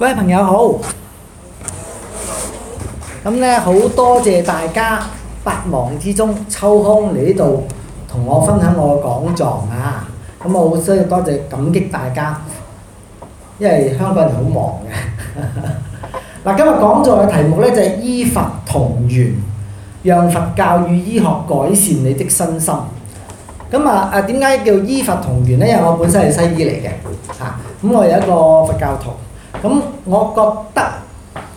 各位朋友好，咁咧好多謝大家百忙之中抽空嚟呢度同我分享我嘅講座啊！咁我好需要多謝感激大家，因為香港人好忙嘅。嗱， 今日講座嘅題目咧就係、是、醫佛同源，讓佛教與醫學改善你的身心。咁啊啊，點解叫醫佛同源咧？因為我本身係西醫嚟嘅，嚇、啊、咁我有一個佛教徒。咁我覺得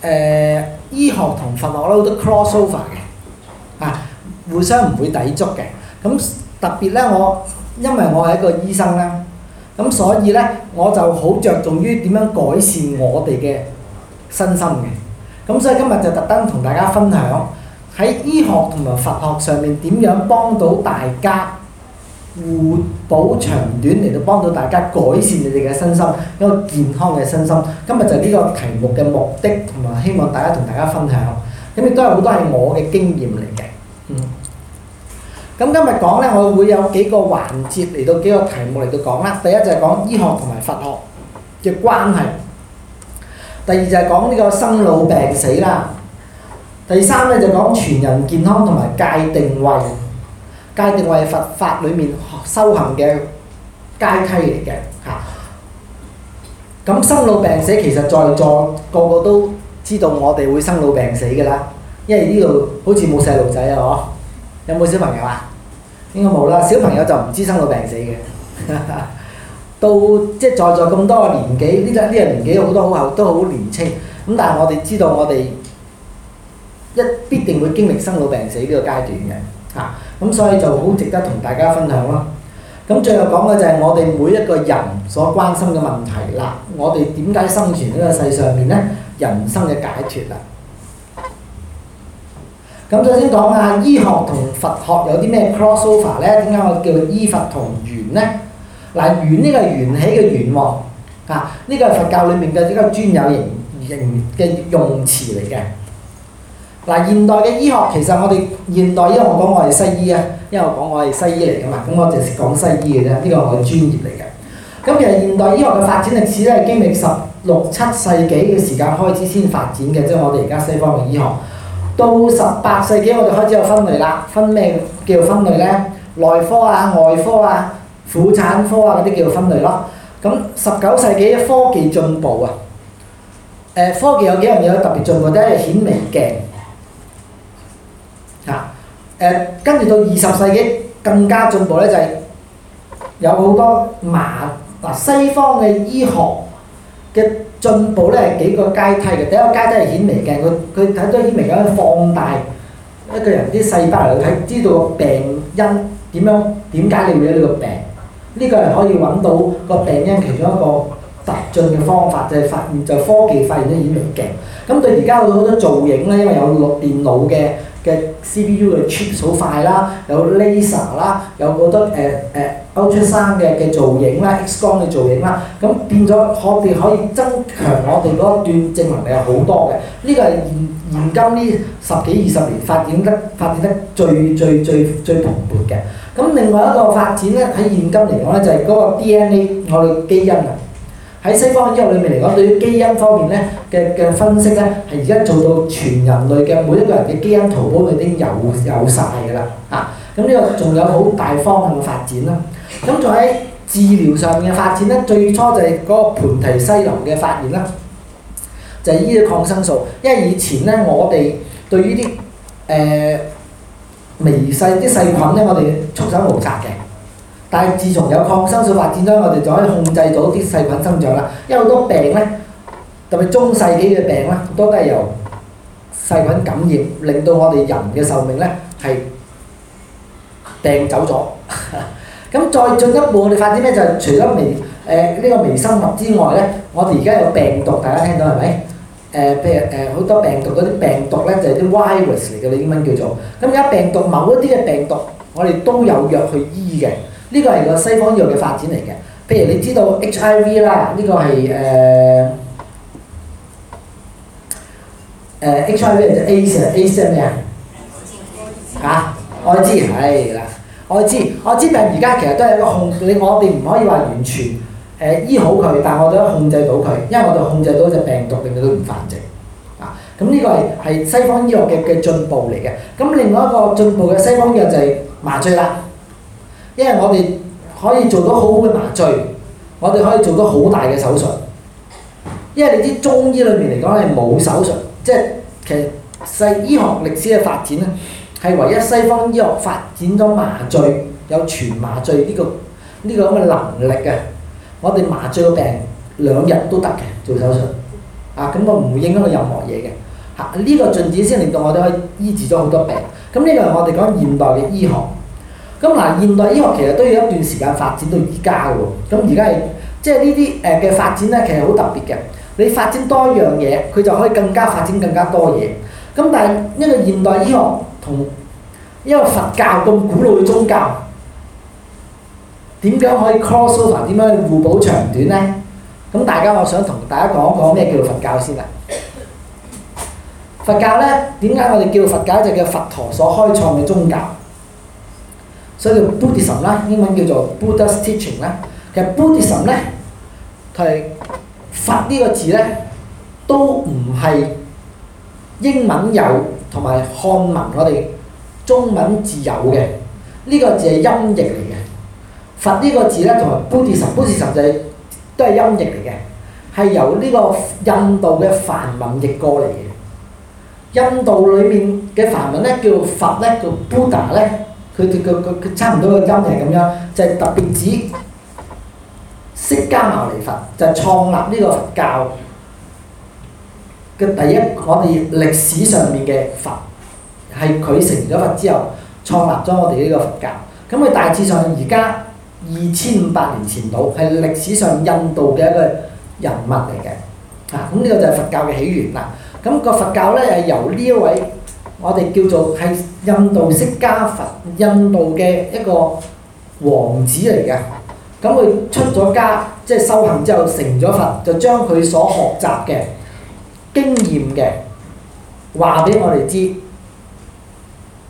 誒醫學同佛學都好多 cross over 嘅啊，互相唔會抵觸嘅。咁特別咧，我因為我係一個醫生啦，咁所以咧我就好著重於點樣改善我哋嘅身心嘅。咁所以今日就特登同大家分享喺醫學同埋佛學上面點樣幫到大家。互補長短嚟到幫到大家改善你哋嘅身心，一個健康嘅身心。今日就呢個題目嘅目的，同埋希望大家同大家分享。咁亦都係好多係我嘅經驗嚟嘅，嗯。咁今日講呢，我會有幾個環節嚟到幾個題目嚟到講啦。第一就係講醫學同埋佛學嘅關係。第二就係講呢個生老病死啦。第三咧就講全人健康同埋界定位。界定為佛法裏面修行嘅階梯嚟嘅嚇。咁、啊、生老病死其實在座個個都知道我哋會生老病死㗎啦。因為呢度好似冇細路仔啊嗬？有冇小朋友啊？應該冇啦。小朋友就唔知生老病死嘅。到即、就是、在座咁多年紀，呢個呢個年紀好多好後都好年青。咁、嗯、但係我哋知道我哋一必定會經歷生老病死呢個階段嘅嚇。啊咁所以就好值得同大家分享啦。咁最後講嘅就係我哋每一個人所關心嘅問題啦。我哋點解生存呢個世上面咧？人生嘅解脫啦。咁首先講下醫學同佛學有啲咩 crossover 咧？點解我叫「醫佛同源」咧？嗱，「源」呢個係緣起嘅緣喎，啊，呢個佛教裡面嘅一個專有形形嘅用詞嚟嘅。嗱，現代嘅醫學其實我哋現代醫學講我係西醫啊，因為我講我係西醫嚟噶嘛，咁我淨係講西醫嘅啫。呢個係我嘅專業嚟嘅。咁其實現代醫學嘅發展歷史咧，係經歷十六七世紀嘅時間開始先發展嘅，即係我哋而家西方嘅醫學。到十八世紀，我哋開始有分類啦，分咩叫分類咧？內科啊、外科啊、婦產科啊嗰啲叫分類咯。咁十九世紀科技進步啊，誒科技有幾樣嘢特別進步咧？第一係顯微鏡。誒，跟住、呃、到二十世紀更加進步咧，就係、是、有好多麻嗱、啊，西方嘅醫學嘅進步咧係幾個階梯嘅。第一個階梯係顯微鏡，佢佢睇到顯微鏡放大一個人啲細胞嚟，睇知道個病因點樣，點解你會有呢個病。呢、這個係可以揾到個病因其中一個突進嘅方法，就係、是、發現就是、科技發現咗顯微鏡。咁對而家好多造影咧，因為有電腦嘅。嘅 CPU 嘅 chip 好快啦，有 laser 啦，有好多誒誒 outlet 生嘅嘅造型啦，X 光嘅造型啦，咁變咗我哋可以增強我哋嗰一段正能量好多嘅，呢個係現現今呢十幾二十年發展得發展得最最最最蓬勃嘅。咁另外一個發展咧喺現今嚟講咧就係、是、嗰個 DNA 我哋基因啊。喺西方醫學裏面嚟講，對於基因方面咧嘅嘅分析咧，係而家做到全人類嘅每一個人嘅基因圖譜裏邊有有曬嘅啦。啊，咁呢個仲有好大方向嘅發展啦。咁再喺治療上面嘅發展咧，最初就係嗰個盤尼西林嘅發現啦，就係呢啲抗生素。因為以前咧，我哋對於呢啲誒微細啲細菌咧，我哋束手無策嘅。但係，自從有抗生素發展咗，我哋就可以控制到啲細菌生長啦。因為好多病咧，特別中世紀嘅病啦，好多都係由細菌感染，令到我哋人嘅壽命咧係病走咗。咁 再進一步，我哋發展咩就係、是、除咗微誒呢、呃這個微生物之外咧，我哋而家有病毒，大家聽到係咪？誒譬如誒好多病毒嗰啲病毒咧，就係、是、啲 virus 嚟嘅，你英文叫做咁。而家病毒某一啲嘅病毒，我哋都有藥去醫嘅。呢個係個西方藥嘅發展嚟嘅，譬如你知道 HIV, uh, uh, HIV 啦，呢個係誒誒 HIV 就 AIDS AIDS 係咩啊？嚇，艾滋係啦，艾、啊、滋，艾滋病而家其實都係一個控，你我哋唔可以話完全誒、啊、醫好佢，但係我哋都控制到佢，因為我哋控制到隻病毒令佢都唔繁殖。啊，咁、嗯、呢、這個係係西方醫藥嘅嘅進步嚟嘅。咁、啊、另外一個進步嘅西方藥就係麻醉啦。因為我哋可以做到好好嘅麻醉，我哋可以做到好大嘅手術。因為你知中醫裏面嚟講係冇手術，即係其實西醫學歷史嘅發展咧，係唯一西方醫學發展咗麻醉有全麻醉呢個呢個咁嘅能力嘅。我哋麻醉個病兩日都得嘅做手術，啊，咁我唔會影響我任何嘢嘅嚇。呢個進展先令到我哋可以醫治咗好多病。咁呢個係我哋講現代嘅醫學。咁嗱，現代醫學其實都要一段時間發展到而家嘅喎，咁而家係即係呢啲誒嘅發展咧，其實好特別嘅。你發展多一樣嘢，佢就可以更加發展更加多嘢。咁但係一個現代醫學同一個佛教咁古老嘅宗教，點樣可以 cross over？點樣互補長短咧？咁大家，我想同大家講一講咩叫佛教先啦。佛教咧，點解我哋叫佛教，就叫佛陀所開創嘅宗教。所以叫 Buddhism 啦，英文叫做 Buddha's teaching 啦。其實 Buddhism 咧，係佛個呢個字咧，都唔係英文有同埋漢文我哋中文字有嘅。呢、這個字係音譯嚟嘅。佛個呢 ism，佛個字咧同埋 Buddhism，Buddhism 就係、是、都係音譯嚟嘅，係由呢個印度嘅梵文譯過嚟嘅。印度裡面嘅梵文咧叫做佛咧叫做 Buddha 咧。佢哋個個差唔多嘅音就係咁樣，就係、是、特別指釋迦牟尼佛就係、是、創立呢個佛教嘅第一，我哋歷史上面嘅佛係佢成咗佛之後創立咗我哋呢個佛教。咁佢大致上而家二千五百年前到係歷史上印度嘅一個人物嚟嘅。啊，咁呢個就係佛教嘅起源啦。咁、那個佛教咧係由呢一位。我哋叫做係印度釋迦佛，印度嘅一個王子嚟嘅。咁佢出咗家，即係修行之後成咗佛，就將佢所學習嘅經驗嘅話俾我哋知，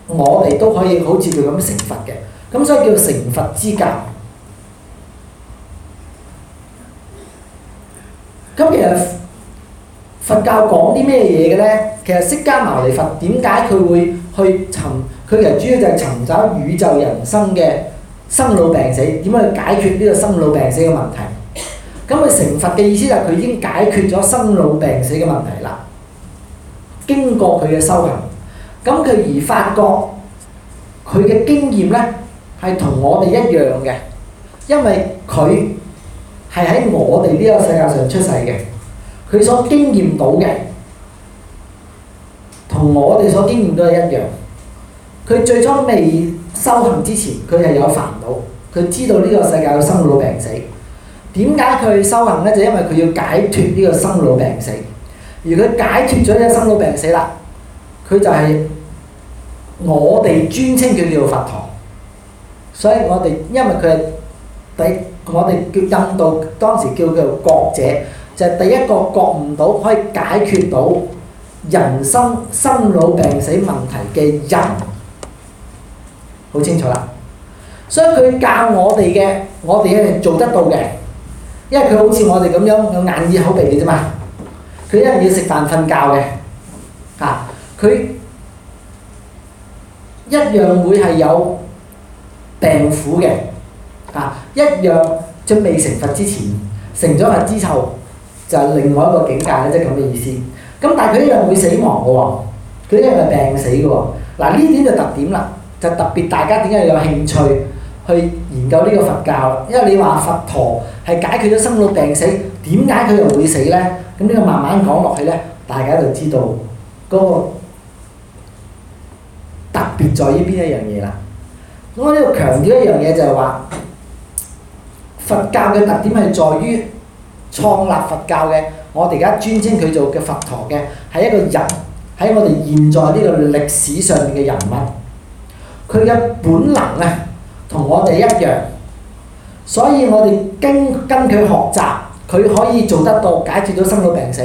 我哋都可以好似佢咁成佛嘅。咁所以叫成佛之教。咁其實。佛教講啲咩嘢嘅咧？其實釋迦牟尼佛點解佢會去尋？佢其實主要就係尋找宇宙人生嘅生老病死，點樣去解決呢個生老病死嘅問題？咁佢成佛嘅意思就係佢已經解決咗生老病死嘅問題啦。經過佢嘅修行，咁佢而發覺佢嘅經驗咧係同我哋一樣嘅，因為佢係喺我哋呢個世界上出世嘅。佢所經驗到嘅，同我哋所經驗都係一樣。佢最初未修行之前，佢係有煩惱，佢知道呢個世界有生老病死。點解佢修行咧？就因為佢要解脫呢個生老病死。而佢解脫咗呢個生老病死啦，佢就係我哋專稱佢叫做佛陀。所以我哋因為佢係第，我哋叫印度當時叫佢做覺者。就係第一個覺唔到可以解決到人生生老病死問題嘅人，好清楚啦。所以佢教我哋嘅，我哋一定做得到嘅，因為佢好似我哋咁樣有眼耳口鼻嘅啫嘛。佢一定要食飯瞓覺嘅，啊，佢一樣會係有病苦嘅，啊，一樣即係未成佛之前，成咗佛之後。就係另外一個境界咧，即係咁嘅意思。咁但係佢一樣會死亡嘅喎，佢一樣係病死嘅喎。嗱，呢點就特點啦，就特別大家點解有興趣去研究呢個佛教？因為你話佛陀係解決咗生老病死，點解佢又會死呢？咁呢個慢慢講落去呢，大家就知道嗰個特別在於邊一樣嘢啦。咁我呢度強調一樣嘢就係話佛教嘅特點係在於。創立佛教嘅，我哋而家尊稱佢做嘅佛陀嘅，係一個人，喺我哋現在呢個歷史上面嘅人物。佢嘅本能呢，同我哋一樣，所以我哋跟跟佢學習，佢可以做得到解決到生老病死。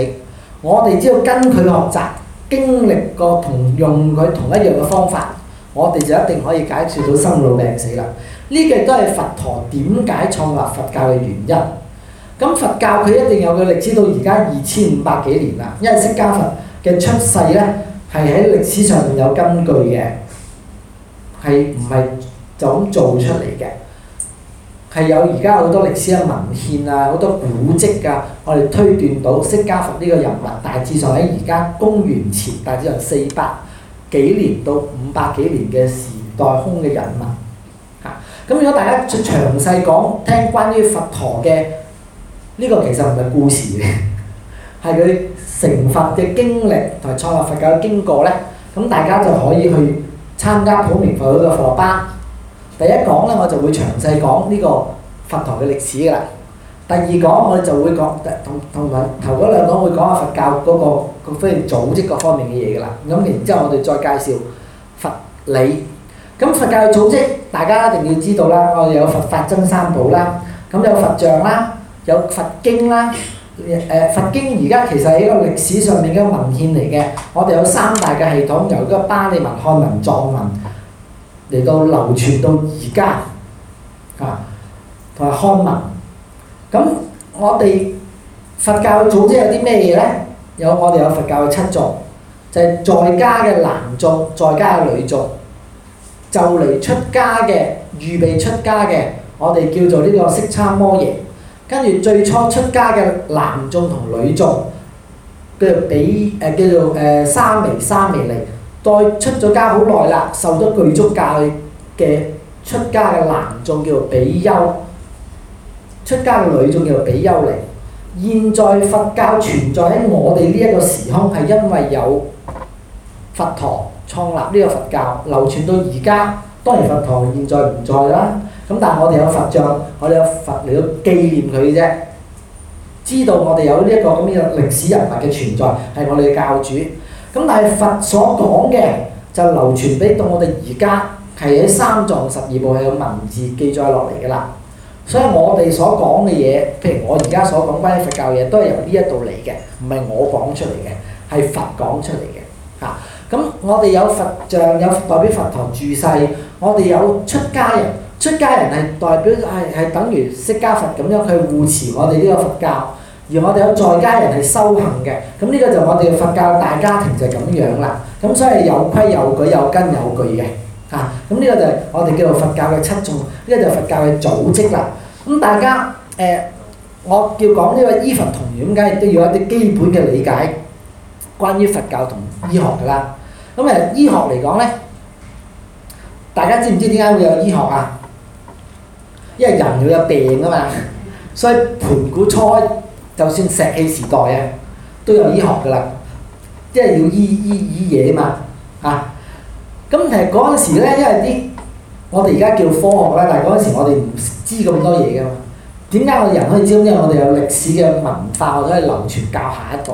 我哋只要跟佢學習，經歷過同用佢同一樣嘅方法，我哋就一定可以解決到生老病死啦。呢個都係佛陀點解創立佛教嘅原因。咁佛教佢一定有嘅歷史到而家二千五百幾年啦，因為釋迦佛嘅出世咧係喺歷史上面有根據嘅，係唔係就咁做出嚟嘅？係有而家好多歷史嘅文獻啊，好多古蹟噶，我哋推斷到釋迦佛呢個人物大致上喺而家公元前大致上四百幾年到五百幾年嘅時代空嘅人物嚇。咁如果大家再詳細講聽關於佛陀嘅，呢個其實唔係故事嘅，係佢成佛嘅經歷同埋創立佛教嘅經過咧。咁大家就可以去參加普明佛會嘅課班。第一講呢，我就會詳細講呢個佛堂嘅歷史㗎啦。第二講我就會講同同唔同頭嗰兩講會講下佛教嗰、嗰個咁樣組織各方面嘅嘢㗎啦。咁然之後我哋再介紹佛理。咁佛教嘅組織，大家一定要知道啦。我哋有佛法僧三寶啦，咁有佛像啦。有佛經啦，誒、呃、佛經而家其實係一個歷史上面嘅文獻嚟嘅。我哋有三大嘅系統，由嗰個巴利文、漢文、藏文嚟到流傳到而家，嚇同埋漢文。咁我哋佛教嘅組織有啲咩嘢咧？有我哋有佛教嘅七眾，就係、是、在家嘅男眾、在家嘅女眾，就嚟出家嘅、預備出家嘅，我哋叫做呢個色差魔形。跟住最初出家嘅男眾同女眾，叫做比誒叫做誒沙彌、沙彌尼。再出咗家好耐啦，受咗具足戒嘅出家嘅男眾叫做比丘，出家嘅女眾叫做比丘尼。現在佛教存在喺我哋呢一個時空，係因為有佛陀創立呢個佛教，流傳到而家。當然佛陀現在唔在啦。咁但係我哋有佛像，我哋有佛嚟到紀念佢啫。知道我哋有呢一個咁樣嘅歷史人物嘅存在係我哋嘅教主。咁但係佛所講嘅就流傳俾到我哋而家係喺三藏十二部有文字記載落嚟㗎啦。所以我哋所講嘅嘢，譬如我而家所講關於佛教嘢，都係由呢一度嚟嘅，唔係我講出嚟嘅，係佛講出嚟嘅。啊，咁我哋有佛像，有代表佛堂住世，我哋有出家人。出家人係代表係係、啊、等於釋迦佛咁樣，去護持我哋呢個佛教，而我哋有在家人係修行嘅，咁呢個就我哋佛教大家庭就係咁樣啦。咁所以有規有矩有根有據嘅，嚇咁呢個就係我哋叫做佛教嘅七眾，呢、呢個就係佛教嘅組織啦。咁大家誒、呃，我叫講呢個醫佛同源，咁梗係都要一啲基本嘅理解，關於佛教同醫學噶啦。咁誒醫學嚟講咧，大家知唔知點解會有醫學啊？因為人要有病啊嘛，所以盤古初就算石器時代啊，都有醫學噶啦。即係要醫醫醫嘢啊嘛，啊！咁誒嗰陣時咧，因為啲我哋而家叫科學啦，但係嗰陣時我哋唔知咁多嘢噶嘛。點解我哋人可以知道？因為我哋有歷史嘅文化，我可以流傳教下一代。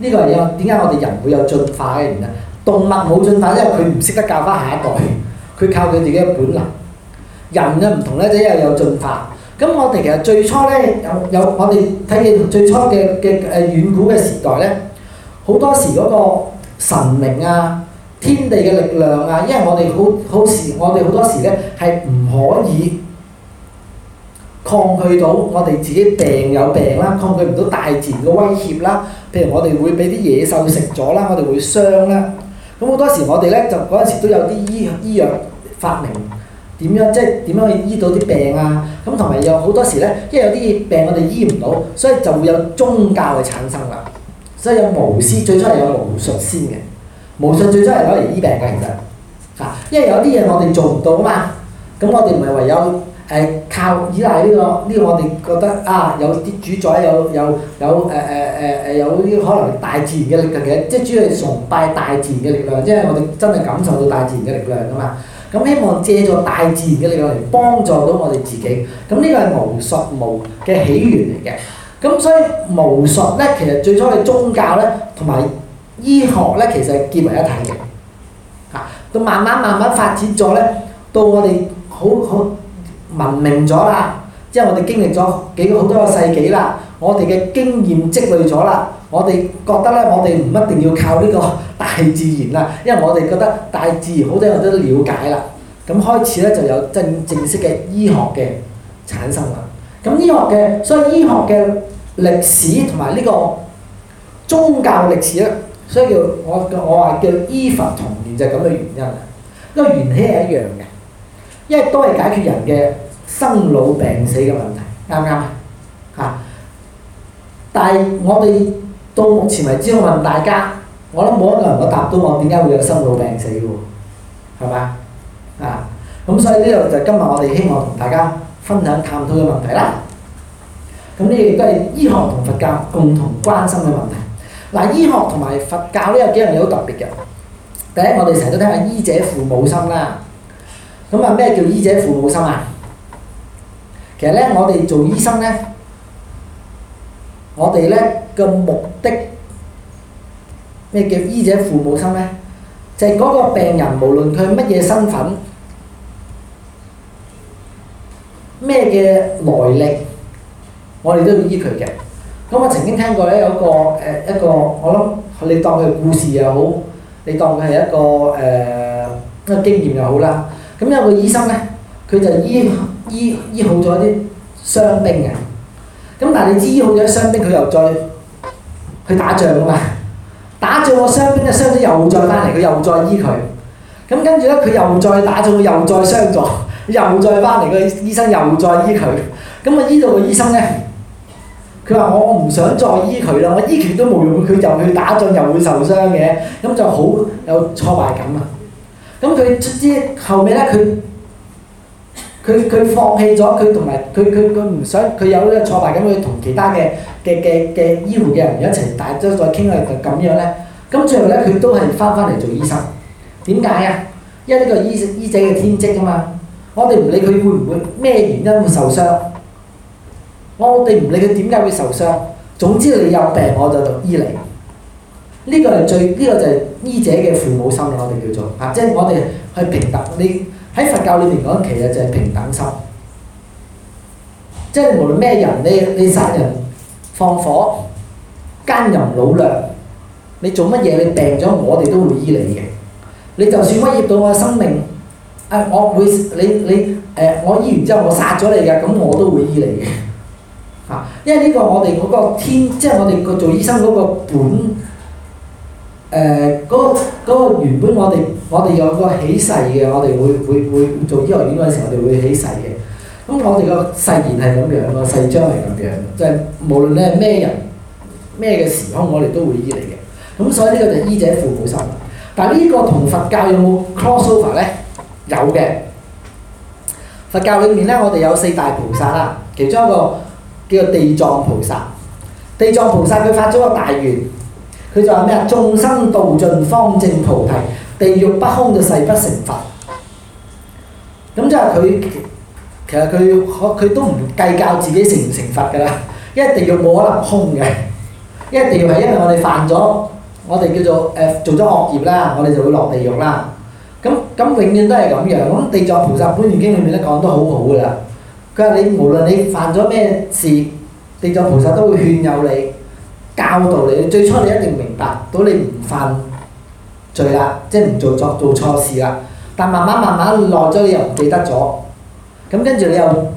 呢、這個又點解我哋人會有進化嘅原因？動物冇進化，因為佢唔識得教翻下一代，佢靠佢自己嘅本能。人嘅唔同咧，即係有進化。咁我哋其實最初咧，有有我哋睇見最初嘅嘅誒遠古嘅時代咧，好多時嗰個神明啊、天地嘅力量啊，因為我哋好好時，我哋好多時咧係唔可以抗拒到我哋自己病有病啦，抗拒唔到大自然嘅威脅啦。譬如我哋會俾啲野獸食咗啦，我哋會傷啦。咁好多時我哋咧就嗰陣時都有啲醫醫藥發明。點樣即係點樣可以醫到啲病啊？咁同埋有好多時咧，因為有啲病我哋醫唔到，所以就會有宗教嘅產生啦。所以有巫師最初係有巫術先嘅，巫術最初係攞嚟醫病嘅，其實嚇，因為有啲嘢我哋做唔到啊嘛。咁我哋唔係唯有誒、呃、靠依賴呢個呢個，呢個、我哋覺得啊有啲主宰有有有誒誒誒誒有啲可能大自然嘅力量嘅，即係主要係崇拜大自然嘅力量，因為我哋真係感受到大自然嘅力量啊嘛。嗯咁希望借助大自然嘅力量嚟幫助到我哋自己，咁呢個係巫術巫嘅起源嚟嘅。咁所以巫術呢，其實最初嘅宗教呢，同埋醫學呢，其實係結為一體嘅。嚇，到慢慢慢慢發展咗呢，到我哋好好文明咗啦，即係我哋經歷咗幾個好多個世紀啦，我哋嘅經驗積累咗啦。我哋覺得咧，我哋唔一定要靠呢個大自然啦，因為我哋覺得大自然好多嘢我哋都了解啦。咁開始咧就有正正式嘅醫學嘅產生啦。咁醫學嘅，所以醫學嘅歷史同埋呢個宗教歷史咧，所以叫我我話叫醫佛同源就係咁嘅原因啦。因為原理係一樣嘅，因為都係解決人嘅生老病死嘅問題，啱唔啱啊？嚇！但係我哋。到目前為止，我問大家，我諗冇一個人個答到我，點解會有生老病死喎？係嘛？啊，咁所以呢度就今日我哋希望同大家分享探討嘅問題啦。咁呢亦都係醫學同佛教共同關心嘅問題。嗱、啊，醫學同埋佛教呢有幾樣嘢好特別嘅。第一，我哋成日都聽話醫者父母心啦。咁啊，咩叫醫者父母心啊？其實咧，我哋做醫生咧，我哋咧。嘅目的咩叫醫者父母心咧？就係、是、嗰個病人，無論佢乜嘢身份，咩嘅來歷，我哋都要醫佢嘅。咁我曾經聽過咧，有個誒一個,、呃、一個我諗你當佢故事又好，你當佢係一個誒、呃、一個經驗又好啦。咁有個醫生咧，佢就醫醫醫，醫好咗啲傷兵嘅。咁但係你醫好咗啲傷兵，佢又再～佢打仗啊嘛，打仗個傷兵啊傷者又再翻嚟，佢又再醫佢。咁跟住咧，佢又再打仗，佢又再傷咗，又再翻嚟個醫生又再醫佢。咁、嗯、啊，醫到個醫生咧，佢話：“我唔想再醫佢啦，我醫極都冇用，佢又去打仗，又會受傷嘅，咁、嗯、就好有挫敗感啊。咁佢出之後尾咧，佢。佢佢放棄咗，佢同埋佢佢佢唔想佢有呢個挫敗感，佢同其他嘅嘅嘅嘅醫護嘅人一齊大都再傾下就咁、是、樣咧。咁最後咧，佢都係翻翻嚟做醫生。點解啊？因為呢個醫醫者嘅天職啊嘛。我哋唔理佢會唔會咩原因會受傷，我哋唔理佢點解會受傷。總之你有病，我就讀醫嚟。呢、這個係最呢、這個就係醫者嘅父母心啦。我哋叫做啊，即、就、係、是、我哋去平踏你。喺佛教裏邊講，其實就係平等心，即係無論咩人，你你殺人、放火、奸淫擄掠，你做乜嘢？你病咗，我哋都會醫你嘅。你就算毀滅到我生命，啊，我會你你誒，我醫完之後我殺咗你嘅，咁我都會醫你嘅嚇。因為呢個我哋嗰個天，即係我哋個做醫生嗰個本誒，嗰、呃嗰個嗰、嗰個原本我哋。我哋有個起誓嘅，我哋會會會做醫學院嗰時，我哋會起誓嘅。咁我哋個誓言係咁樣咯，誓章係咁樣，即係無論你係咩人咩嘅時空，我哋都會醫你嘅。咁所以呢個就醫者父母心。但係呢個同佛教有冇 cross over 咧？有嘅，佛教裡面咧，我哋有四大菩薩啦，其中一個叫做地藏菩薩。地藏菩薩佢發咗個大願，佢就話咩啊？眾生度盡方證菩提。地獄不空就誓不成佛，咁即係佢其實佢佢都唔計較自己成唔成佛㗎啦， 因為地獄冇可能空嘅，一定要獄係因為我哋犯咗，我哋叫做誒、呃、做咗惡業啦，我哋就會落地獄啦。咁咁永遠都係咁樣。咁地藏菩薩本願經裡面都講得好好㗎啦，佢話你無論你犯咗咩事，地藏菩薩都會勸誘你、教導你。最初你一定明白到你唔犯。啦，即係唔做錯做錯事啦。但慢慢慢慢落咗，你又唔記得咗。咁跟住你又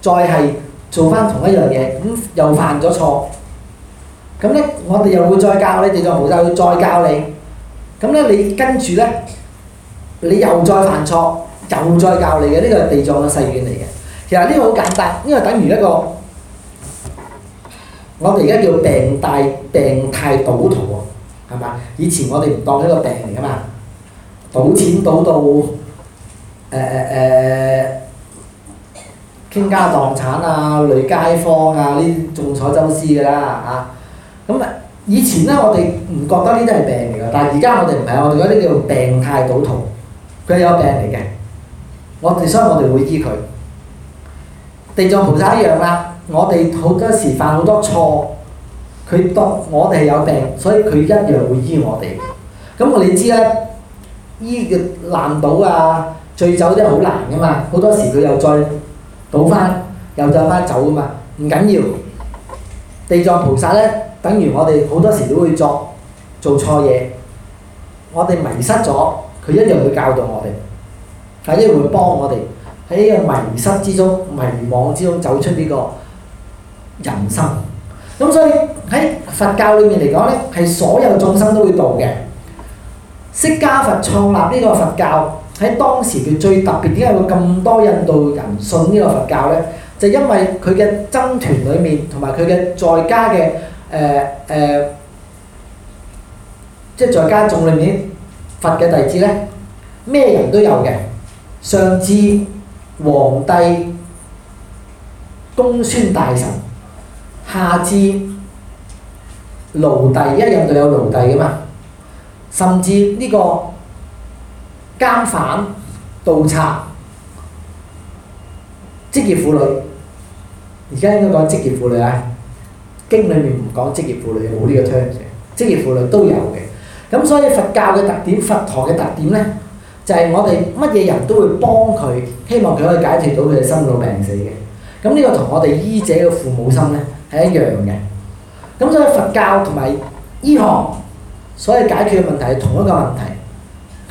再係做翻同一樣嘢，咁又犯咗錯。咁咧，我哋又會再教你，地藏菩薩會再教你。咁咧，你跟住咧，你又再犯錯，又再教你嘅。呢個係地藏嘅誓願嚟嘅。其實呢個好簡單，呢個等於一個我哋而家叫病、大病態賭徒。係嘛？以前我哋唔當呢個病嚟噶嘛，賭錢賭到誒誒誒，傾家蕩產啊、累街坊啊，呢眾所周知噶啦嚇。咁啊，以前咧，我哋唔覺得呢啲係病嚟㗎，但係而家我哋唔係，我哋嗰啲叫做病態賭徒，佢係有病嚟嘅。我哋所以我哋會醫佢。地藏菩薩一樣啦，我哋好多時犯好多錯。佢當我哋係有病，所以佢一樣會醫我哋。咁我哋知咧，醫嘅爛賭啊，醉酒真係好難噶嘛。好多時佢又再倒翻，又再翻走噶嘛。唔緊要，地藏菩薩咧，等於我哋好多時都會作做，做錯嘢，我哋迷失咗，佢一樣會教導我哋，係一樣會幫我哋喺呢個迷失之中、迷惘之中走出呢個人生。咁所以喺佛教裏面嚟講咧，係所有眾生都會度嘅。釋迦佛創立呢個佛教，喺當時佢最特別，點解會咁多印度人信呢個佛教咧？就因為佢嘅僧團裏面同埋佢嘅在家嘅，誒誒，即係在家眾裏面佛嘅弟子咧，咩人都有嘅，上至皇帝、公孫大臣。下至奴隸，一樣都有奴隸嘅嘛，甚至呢個監犯、盜賊、職業婦女，而家應該講職業婦女咧，經裏面唔講職業婦女，冇呢個 term 嘅，職業婦女都有嘅。咁所以佛教嘅特點，佛陀嘅特點咧，就係我哋乜嘢人都會幫佢，希望佢可以解決到佢嘅生老病死嘅。咁呢個同我哋醫者嘅父母心咧。係一樣嘅，咁所以佛教同埋醫學，所以解決嘅問題係同一個問題，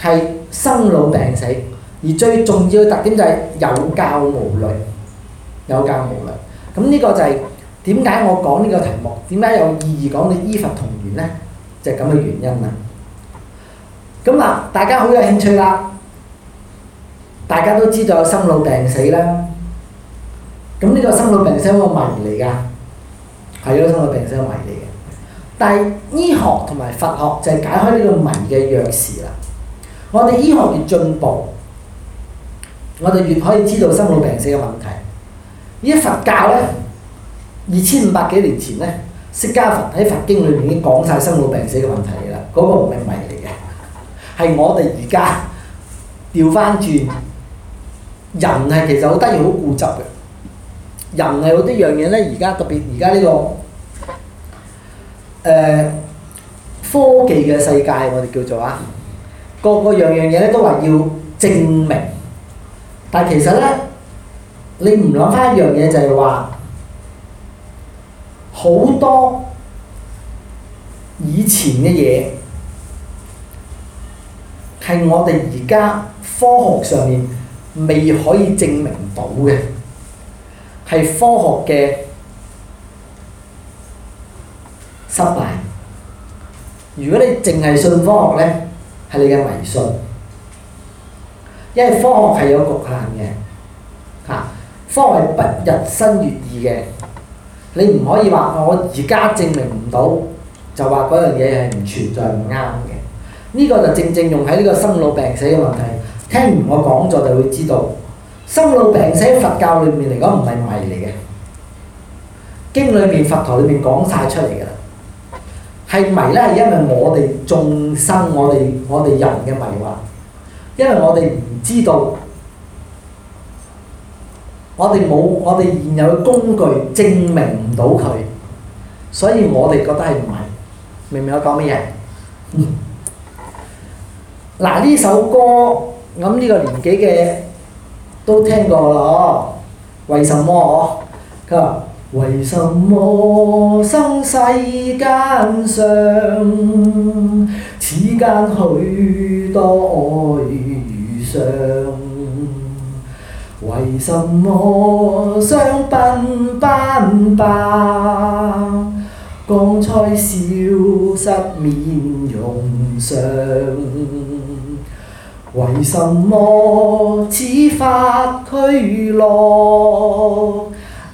係生老病死，而最重要嘅特點就係有教無類，有教無類。咁呢個就係點解我講呢個題目，點解有意義講你醫佛同源呢？就係咁嘅原因啦。咁嗱，啊，大家好有興趣啦，大家都知道有生老病死啦。咁呢個生老病死係一個迷嚟㗎。係咯，生老病死嘅謎嚟嘅。但係醫學同埋佛學就係解開呢個謎嘅鎖匙啦。我哋醫學越進步，我哋越可以知道生老病死嘅問題。依啲佛教咧，二千五百幾年前咧，釋迦佛喺佛經裏面已經講晒生老病死嘅問題㗎啦。嗰、嗰個唔係謎嚟嘅，係我哋而家調翻轉，人係其實好得意、好固執嘅。人係有啲樣嘢咧，而家，特別而家呢個誒、呃、科技嘅世界，我哋叫做啊，各個個樣樣嘢咧都話要證明，但係其實咧，你唔諗翻一樣嘢，就係話好多以前嘅嘢係我哋而家科學上面未可以證明到嘅。係科學嘅失敗。如果你淨係信科學咧，係你嘅迷信，因為科學係有局限嘅，嚇，科學係不日新月異嘅。你唔可以話我而家證明唔到，就話嗰樣嘢係唔存在，唔啱嘅。呢個就正正用喺呢個生老病死嘅問題。聽完我講座就會知道，生老病死喺佛教裏面嚟講唔係迷信。經裏面佛陀裏面講晒出嚟嘅啦，係迷咧，係因為我哋眾生，我哋我哋人嘅迷惑，因為我哋唔知道，我哋冇我哋現有嘅工具證明唔到佢，所以我哋覺得係迷，明唔明我講乜嘢？嗱、嗯、呢首歌，咁呢個年紀嘅都聽過啦，為什麼哦？佢話。為什麼生世間上此間許多哀與傷？為什麼雙鬢斑白？光彩消失面容上？為什麼此法俱落？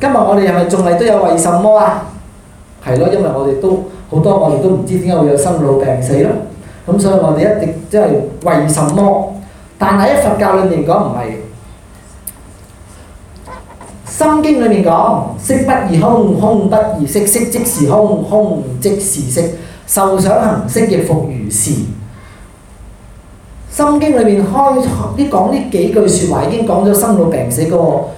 今日我哋係咪仲係都有為什麼啊？係咯，因為我哋都好多，我哋都唔知點解會有生老病死咯。咁所以，我哋一直即係為什麼？但係喺佛教裏面講唔係《心經》裏面講，色不異空，空不異色，色即是空，空即是色，受想行識亦復如是。《心經》裏面開啲講呢幾句説話，已經講咗生老病死嗰個。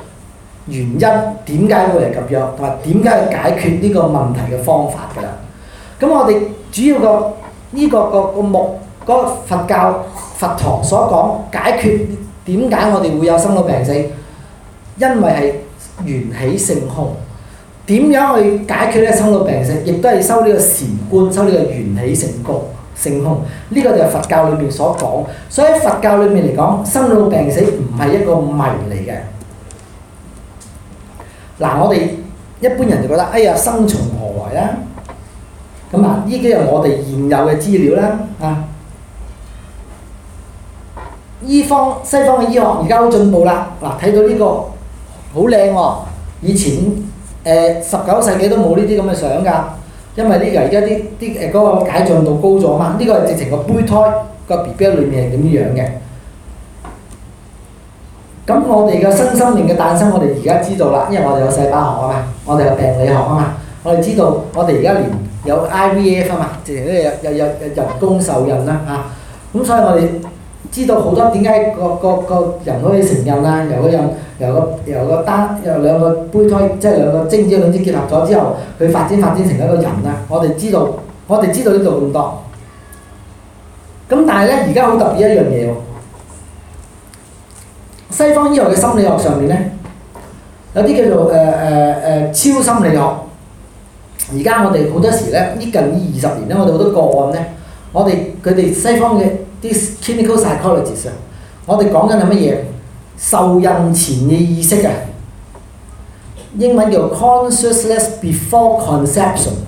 原因點解會係咁樣，同埋點解去解決呢個問題嘅方法㗎？咁我哋主要、這個呢、這個、這個、這個木嗰個佛教佛堂所講解決點解我哋會有生老病死，因為係緣起性空。點樣去解決呢個生老病死，亦都係收呢個禪觀，收呢個緣起性覺性空。呢、這個就係佛教裏面所講。所以喺佛教裏面嚟講，生老病死唔係一個謎嚟嘅。嗱，我哋一般人就覺得，哎呀，生從何來啊？咁啊，呢啲係我哋現有嘅資料啦，啊！醫方西方嘅醫學而家好進步啦，嗱，睇到呢個好靚喎，以前誒十九世紀都冇呢啲咁嘅相㗎，因為呢個而家啲啲誒嗰個解像度高咗嘛，呢個係直情個胚胎個 B B 裡面係點樣嘅？咁我哋嘅新生命嘅誕生，我哋而家知道啦，因為我哋有細胞學啊嘛，我哋有病理學啊嘛，我哋知道，我哋而家連有 IVF 啊嘛，直情都有又又人工受孕啦嚇。咁所以我哋知道好多點解個個個人可以成孕啊，由個孕由個由個單由兩個胚胎，即係兩個精子卵子結合咗之後，佢發展發展成一個人啊。我哋知道，我哋知道這這呢度咁多。咁但係咧，而家好特別一樣嘢喎。西方醫學嘅心理學上面咧，有啲叫做誒誒誒超心理學。而家我哋好多時咧，近呢近二十年咧，我哋好多個案咧，我哋佢哋西方嘅啲 clinical psychology 上，我哋講緊係乜嘢？受孕前嘅意識啊，英文叫 consciousness before conception，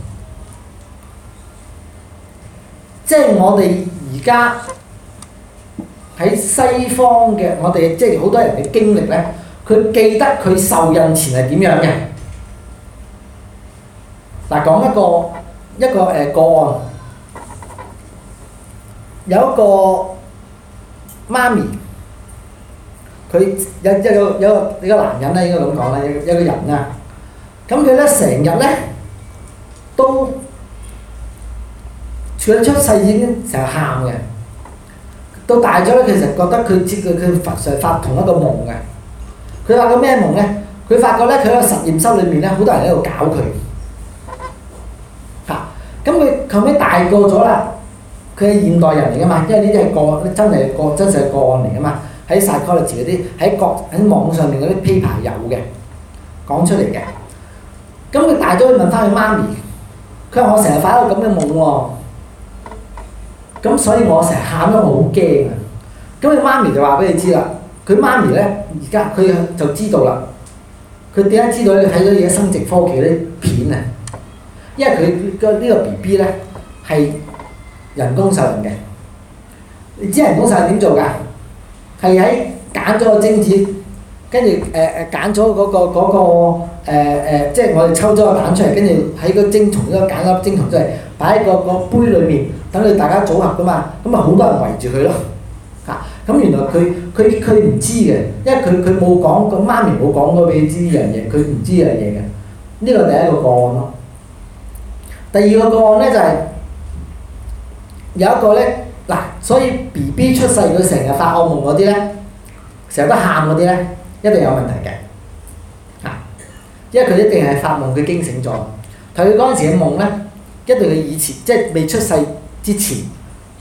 即係我哋而家。喺西方嘅我哋即係好多人嘅經歷咧，佢記得佢受孕前係點樣嘅？嗱，講一個一個誒、呃、個案，有一個媽咪，佢有有一個有有個男人咧，應該咁講啦，有個有個人啊。咁佢咧成日咧都出世已經成日喊嘅。到大咗咧，其實覺得佢知佢佢佛上發同一個夢嘅。佢發過咩夢咧？佢發覺咧，佢喺個實驗室裏面咧，好多人喺度搞佢。嚇、啊！咁佢後尾大個咗啦。佢係現代人嚟噶嘛？因為呢啲係個真係個真實個案嚟噶嘛。喺 psychology 嗰啲，喺國喺網上面嗰啲 paper 有嘅講出嚟嘅。咁佢大咗，問翻佢媽咪：佢話我成日發一個咁嘅夢喎、啊？咁所以我成日喊啦，好驚啊！咁佢媽咪就話俾你知啦，佢媽咪咧而家佢就知道啦。佢點解知道？你睇咗嘢生殖科技啲片啊！因為佢個寶寶呢個 B B 咧係人工受孕嘅。你知人工受孕點做㗎？係喺揀咗個精子，跟住誒誒揀咗嗰個嗰、嗰個、呃、即係我哋抽咗個蛋出嚟，跟住喺個精蟲嗰度揀粒精蟲出嚟，擺喺個個杯裡面。等你大家組合噶嘛，咁咪好多人圍住佢咯，嚇、啊、咁原來佢佢佢唔知嘅，因為佢佢冇講個媽咪冇講過俾佢知呢樣嘢，佢唔知呢樣嘢嘅呢個第一個個案咯、啊。第二個個案咧就係、是、有一個咧嗱、啊，所以 B B 出世佢成日發噩夢嗰啲咧，成日都喊嗰啲咧，一定有問題嘅嚇、啊，因為佢一定係發夢佢驚醒咗，睇佢嗰陣時嘅夢咧一定係以前即係未出世。之前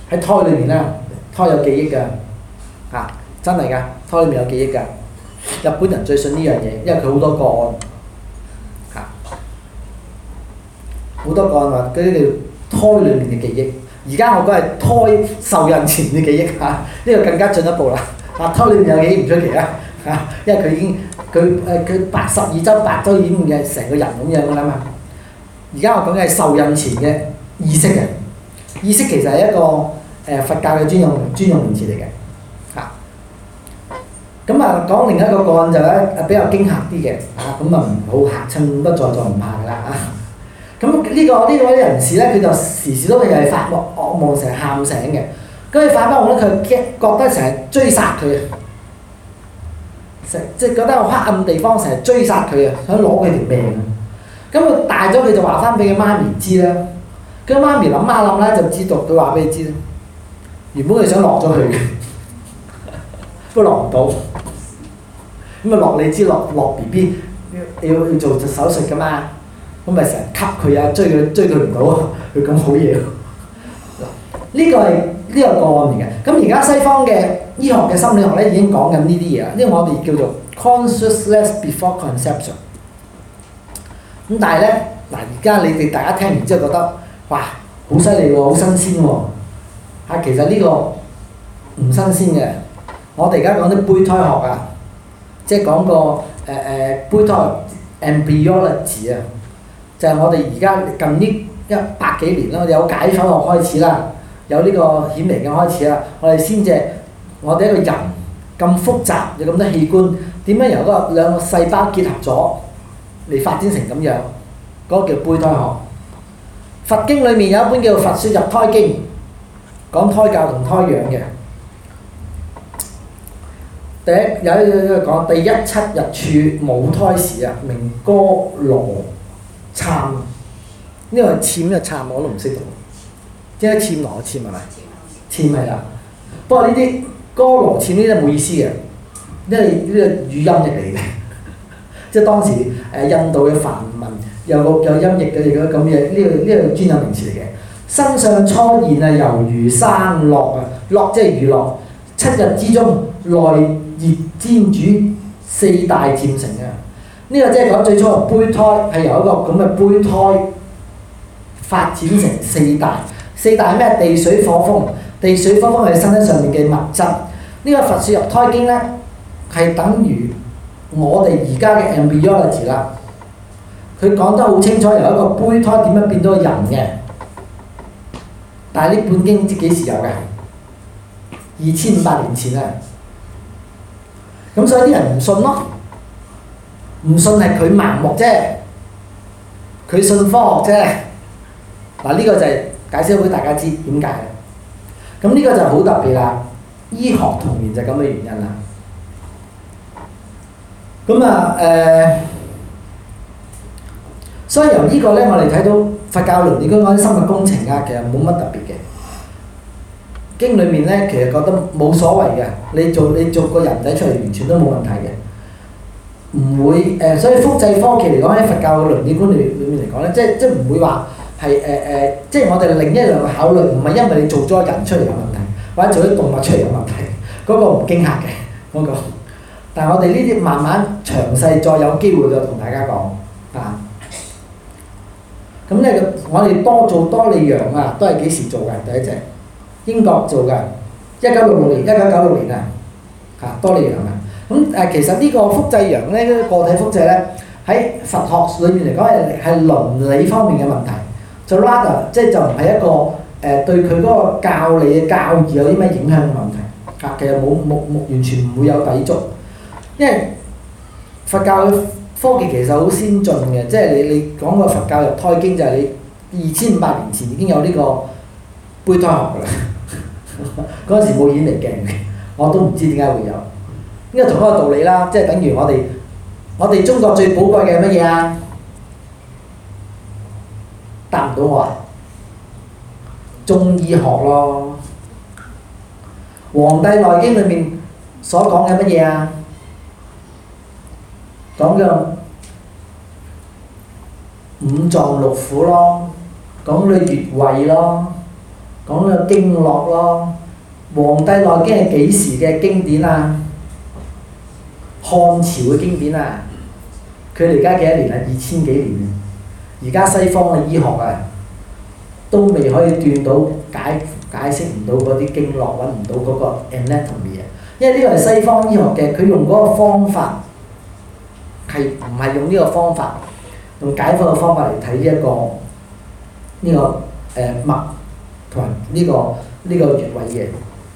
喺胎裏面咧，胎有記憶㗎嚇、啊，真係㗎，胎裏面有記憶㗎。日本人最信呢樣嘢，因為佢好多個案嚇，好、啊、多個案話佢呢叫胎裏面嘅記憶。而家我講係胎受孕前嘅記憶嚇，呢、啊、個更加進一步啦。嚇、啊，胎裏面有記憶唔出奇啊嚇，因為佢已經佢誒佢八十二週八週已經嘅成個人咁樣嘅啦嘛。而、啊、家我講嘅係受孕前嘅意識嘅。意識其實係一個誒佛教嘅專用專用用詞嚟嘅嚇。咁啊講另一個，個案就咧比較驚嚇啲嘅、啊、嚇，咁啊唔好嚇，趁不在就唔怕㗎啦嚇。咁、這、呢個呢位人士咧，佢就時時都會係發惡惡夢，成日喊醒嘅。咁反翻我咧，佢驚覺得成日追殺佢啊，即係覺得有黑暗地方成日追殺佢啊，想攞佢條命啊。咁佢大咗，佢就話翻俾佢媽咪知啦。跟媽咪諗下諗咧，媽媽想想就知道佢話俾你知啦。原本佢想落咗去，嘅，不過落唔到。咁咪落你知落落 BB 要要做做手術噶嘛，咁咪成日吸佢啊，追佢追佢唔到，佢咁好嘢。嗱，呢個係呢個個案嚟嘅。咁而家西方嘅醫學嘅心理學咧已經講緊呢啲嘢啦，因為我哋叫做 consciousness before conception。咁但係咧，嗱，而家你哋大家聽完之後覺得？哇，好犀利喎，好新鮮喎，啊！其實呢個唔新鮮嘅，我哋而家講啲胚胎學啊，即係講個誒誒胚胎 embryology 啊，就係我哋而家近呢一百幾年啦，有解剖學開始啦，有呢個顯微鏡開始啦，我哋先至我哋一個人咁複雜，有咁多器官，點樣由嗰兩個細胞結合咗嚟發展成咁樣？嗰個叫胚胎學。佛經裏面有一本叫《佛説入胎經》，講胎教同胎養嘅。第一有一句講：第一七日處母胎時啊，明歌羅參，呢個係鴛鴦參，我都唔識讀。即係鴛鴦羅鴛係咪？鴛係啦。是不過呢啲鳶歌羅鴛呢啲冇意思嘅，因為呢個語音譯嚟嘅， 即係當時誒印度嘅梵文。有有音譯嘅，咁嘅呢個呢個專有名詞嚟嘅。身上初現啊，猶如生落啊，落即係如落。七日之中，內熱煎煮，四大漸成啊。呢個即係講最初胚胎係由一個咁嘅胚胎發展成四大。四大咩？地水火風。地水火風係身體上面嘅物質。呢個《佛說入胎經》呢咧係等於我哋而家嘅 embryology 啦。佢講得好清楚，由一個胚胎點樣變咗人嘅，但係呢本經知幾時有嘅？二千五百年前啊，咁所以啲人唔信咯，唔信係佢盲目啫，佢信科學啫。嗱，呢個就係解釋俾大家知點解。咁呢個就好特別啦，醫學同源就係咁嘅原因啦。咁啊誒。呃所以由呢個呢，我哋睇到佛教倫理觀嗰啲生物工程啊，其實冇乜特別嘅經裏面呢，其實覺得冇所謂嘅，你做你做個人仔出嚟完全都冇問題嘅，唔會誒，所以複製科技嚟講喺佛教嘅倫理觀裏面嚟講呢，即係即係唔會話係誒誒，即係我哋另一樣嘅考慮，唔係因為你做咗人出嚟有問題，或者做啲動物出嚟有問題，嗰個唔驚嚇嘅嗰個，但係我哋呢啲慢慢詳細再有機會再同大家講。咁咧、嗯，我哋多做多利羊啊，都係幾時做嘅？第一隻英國做嘅，一九六六年、一九九六年啊，嚇多利羊啊！咁、嗯、誒，其實個呢個複製羊咧，個體複製咧，喺佛學裏面嚟講係係倫理方面嘅問題，就 rather 即係就唔係一個誒、呃、對佢嗰個教理教義有啲咩影響嘅問題，嚇、啊、其實冇冇完全唔會有抵觸，因為佛教。科技其實好先進嘅，即係你你講個佛教入胎經就係你二千五百年前已經有呢個胚胎學嘅啦。嗰陣時冇顯微鏡嘅，我都唔知點解會有。呢個同一個道理啦，即係等於我哋我哋中國最寶貴嘅乜嘢啊？答唔到我？中醫學咯，《黃帝內經》裏面所講嘅乜嘢啊？講嘅五臟六腑咯，講你穴位咯，講個經絡咯，《黃帝內經》係幾時嘅經典啊？漢朝嘅經典啊，佢哋而家幾多年啊？二千幾年啊！而家西方嘅醫學啊，都未可以斷到解解釋唔到嗰啲經絡，揾唔到嗰個 anatomy 啊。因為呢個係西方醫學嘅，佢用嗰個方法。係唔係用呢個方法，用解剖嘅方法嚟睇呢一個呢個誒脈同埋呢個呢個穴位嘅？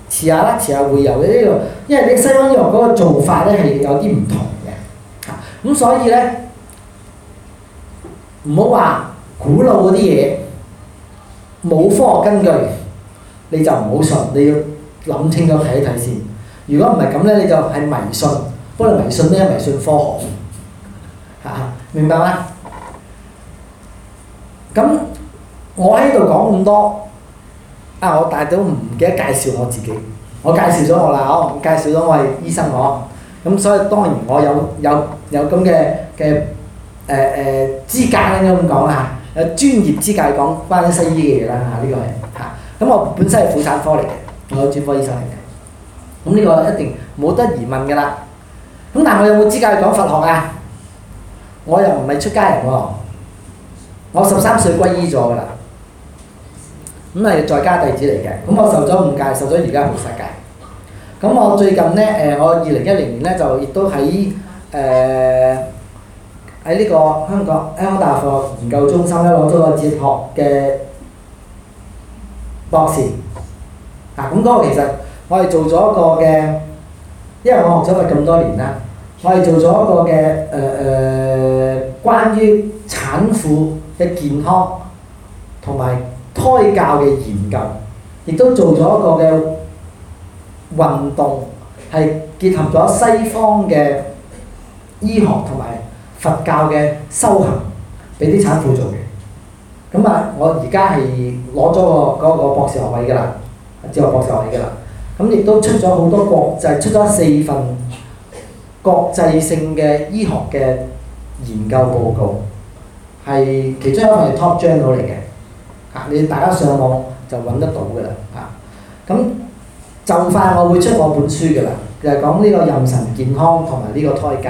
遲下啦，遲下會有嘅呢個，因為你西方醫學嗰個做法咧係有啲唔同嘅，啊咁所以咧唔好話古老嗰啲嘢冇科學根據，你就唔好信，你要諗清楚睇一睇先。如果唔係咁咧，你就係迷信，不過迷信咩？迷信科學。明白嗎？咁我喺度講咁多啊！我大都唔記得介紹我自己，我介紹咗我啦，唔介紹咗我係醫生我，我咁所以當然我有有有咁嘅嘅誒誒資格啦，咁講啊！有專業資格講關於西醫嘅嘢啦嚇，呢、啊這個係嚇。咁、啊、我本身係婦產科嚟嘅，我係專科醫生嚟嘅。咁呢個一定冇得疑問㗎啦。咁但係我有冇資格去講佛學啊？我又唔係出家人喎，我十三歲皈依咗噶啦，咁係在家弟子嚟嘅，咁我受咗五戒，受咗而家六實戒。咁我最近呢，誒、呃、我二零一零年呢，就亦都喺誒喺呢個香港，香港大學研究中心呢攞咗個哲學嘅博士。嗱、啊，咁、那、嗰個其實我係做咗一個嘅，因為我學咗佛咁多年啦，我係做咗一個嘅誒誒。呃呃關於產婦嘅健康同埋胎教嘅研究，亦都做咗一個嘅運動，係結合咗西方嘅醫學同埋佛教嘅修行，俾啲產婦做嘅。咁啊，我而家係攞咗個嗰博士學位㗎啦，哲學博士學位㗎啦。咁亦都出咗好多國際，出咗四份國際性嘅醫學嘅研究報告係其中一個係 Top Journal 嚟嘅，嚇、啊！你大家上網就揾得到嘅啦，嚇、啊！咁就快我會出我本書嘅啦，就係講呢個妊娠健康同埋呢個胎教，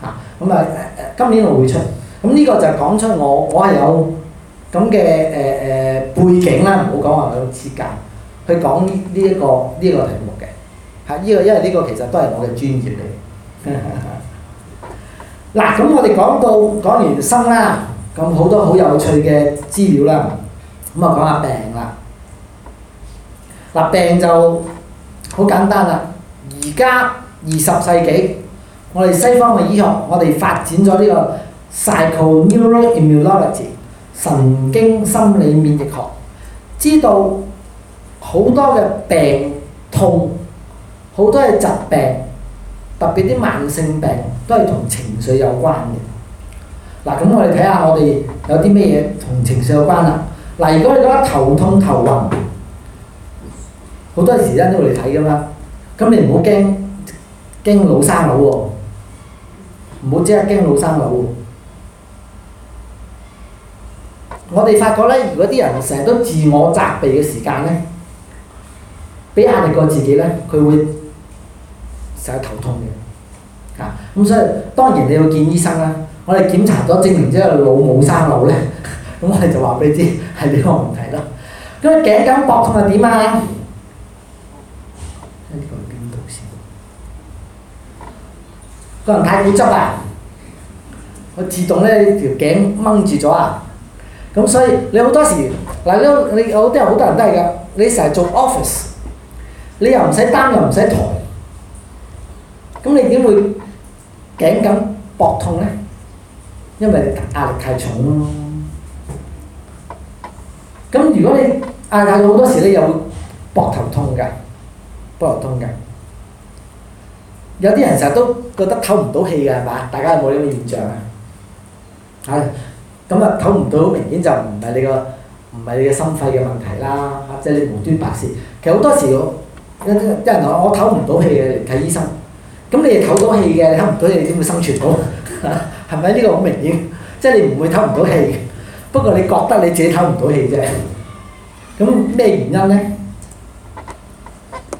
嚇、啊！咁啊誒誒，今年我會出，咁、啊、呢、這個就講出我我係有咁嘅誒誒背景啦，唔好講話有資格，去講呢呢一個呢、這個題目嘅，嚇、啊！呢、這個因為呢個其實都係我嘅專業嚟嘅。啊 嗱，咁我哋講到講完生啦，咁好多好有趣嘅資料啦，咁啊講下病啦。嗱，病就好簡單啦。而家二十世紀，我哋西方嘅醫學，我哋發展咗呢個 psychoneuroimmunology，神經心理免疫學，知道好多嘅病痛，好多嘅疾病。特別啲慢性病都係同情緒有關嘅。嗱、啊，咁我哋睇下我哋有啲咩嘢同情緒有關啦。嗱、啊，如果你覺得頭痛頭暈，好多時人都會嚟睇㗎嘛。咁你唔好驚驚腦生瘤喎、啊，唔好即刻驚腦生瘤喎、啊。我哋發覺咧，如果啲人成日都自我責備嘅時間咧，俾壓力過自己咧，佢會～係頭痛嘅，啊咁所以當然你要見醫生啦。我哋檢查咗證明之後，腦冇生瘤咧，咁我哋就話俾你知係呢個問題啦。咁頸頸膊痛係點啊？呢個邊度先？個人太固執啊！佢自動咧條頸掹住咗啊！咁所以你好多時嗱，你有啲人好多人都係噉，你成日做 office，你又唔使擔又唔使抬。咁你點會頸緊膊痛咧？因為壓力太重咯。咁如果你壓力好多時咧，你又會膊頭痛嘅，膊頭痛嘅，有啲人成日都覺得唞唔到氣嘅，係嘛？大家有冇呢個現象啊？啊，咁啊唞唔到明顯，明顯就唔係你個唔係你嘅心肺嘅問題啦，或者、就係、你無端白事。其實好多時候有我一啲啲人話我唞唔到氣嘅嚟睇醫生。咁你哋唞到氣嘅，你唞唔到氣點會生存到？係咪呢個好明顯？即係你唔會唞唔到氣，不過你覺得你自己唞唔到氣啫。咁咩原因呢？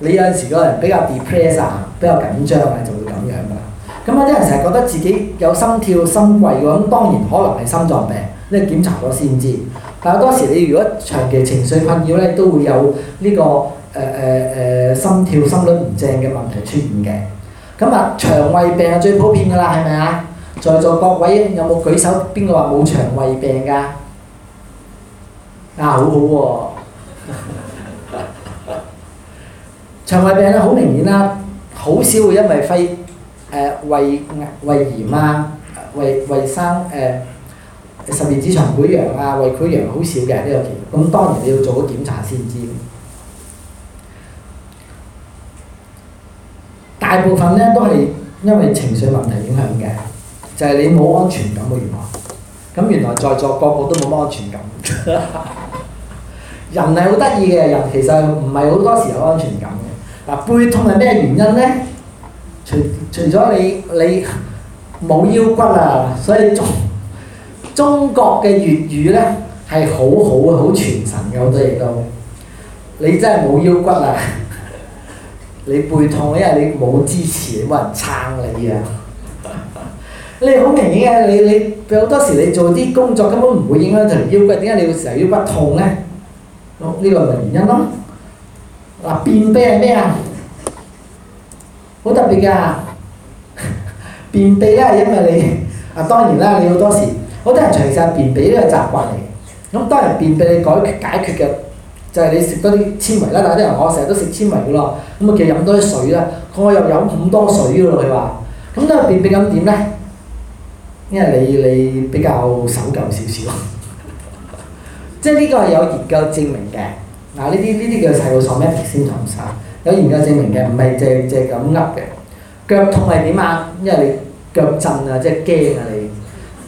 你有陣時個人比較 depress 啊，比較緊張啊，就會咁樣㗎。咁有啲人成日覺得自己有心跳心悸嘅，咁當然可能係心臟病，要檢查咗先知。但係當時你如果長期情緒困擾咧，都會有呢個誒誒誒心跳心率唔正嘅問題出現嘅。咁啊，腸胃病係最普遍噶啦，係咪啊？在座各位有冇舉手？邊個話冇腸胃病㗎？啊，好好喎、啊！ 腸胃病咧好明顯啦，好少會因為肺誒、呃、胃胃炎啊、胃胃生誒、呃、十二指腸潰瘍啊、胃潰瘍好少嘅呢個症。咁、嗯、當然你要做個檢查先知。大部分咧都係因為情緒問題影響嘅，就係你冇安全感嘅原因。咁原來在座個個都冇乜安全感。 人係好得意嘅，人其實唔係好多時候有安全感嘅。嗱，背痛係咩原因咧？除除咗你你冇腰骨啊，所以中中國嘅粵語咧係好好好傳神嘅，好多嘢都。你真係冇腰骨啊！你背痛咧，因為你冇支持，冇人撐你啊！ 你好明顯啊！你你好多時你做啲工作根本唔會影響到條腰骨，點解你要成日腰骨痛咧？呢個係原因咯。嗱，便秘係咩啊？好特別㗎！ 便秘咧係因為你啊，當然啦，你好多時好多人其晒便秘呢個習慣嚟。咁、嗯、當然，便秘你改決，改解決嘅。就係你食多啲纖維啦，但係啲人，我成日都食纖維嘅咯，咁啊叫飲多啲水啦。我又飲咁多水嘅咯，佢話咁都係便秘咁點咧？因為你你比較守舊少少，即係呢個係有研究證明嘅。嗱，呢啲呢啲叫細路索 metaphysics 啊，有研究證明嘅，唔係隻隻咁噏嘅。腳痛係點啊？因為你腳震啊，即係驚啊，你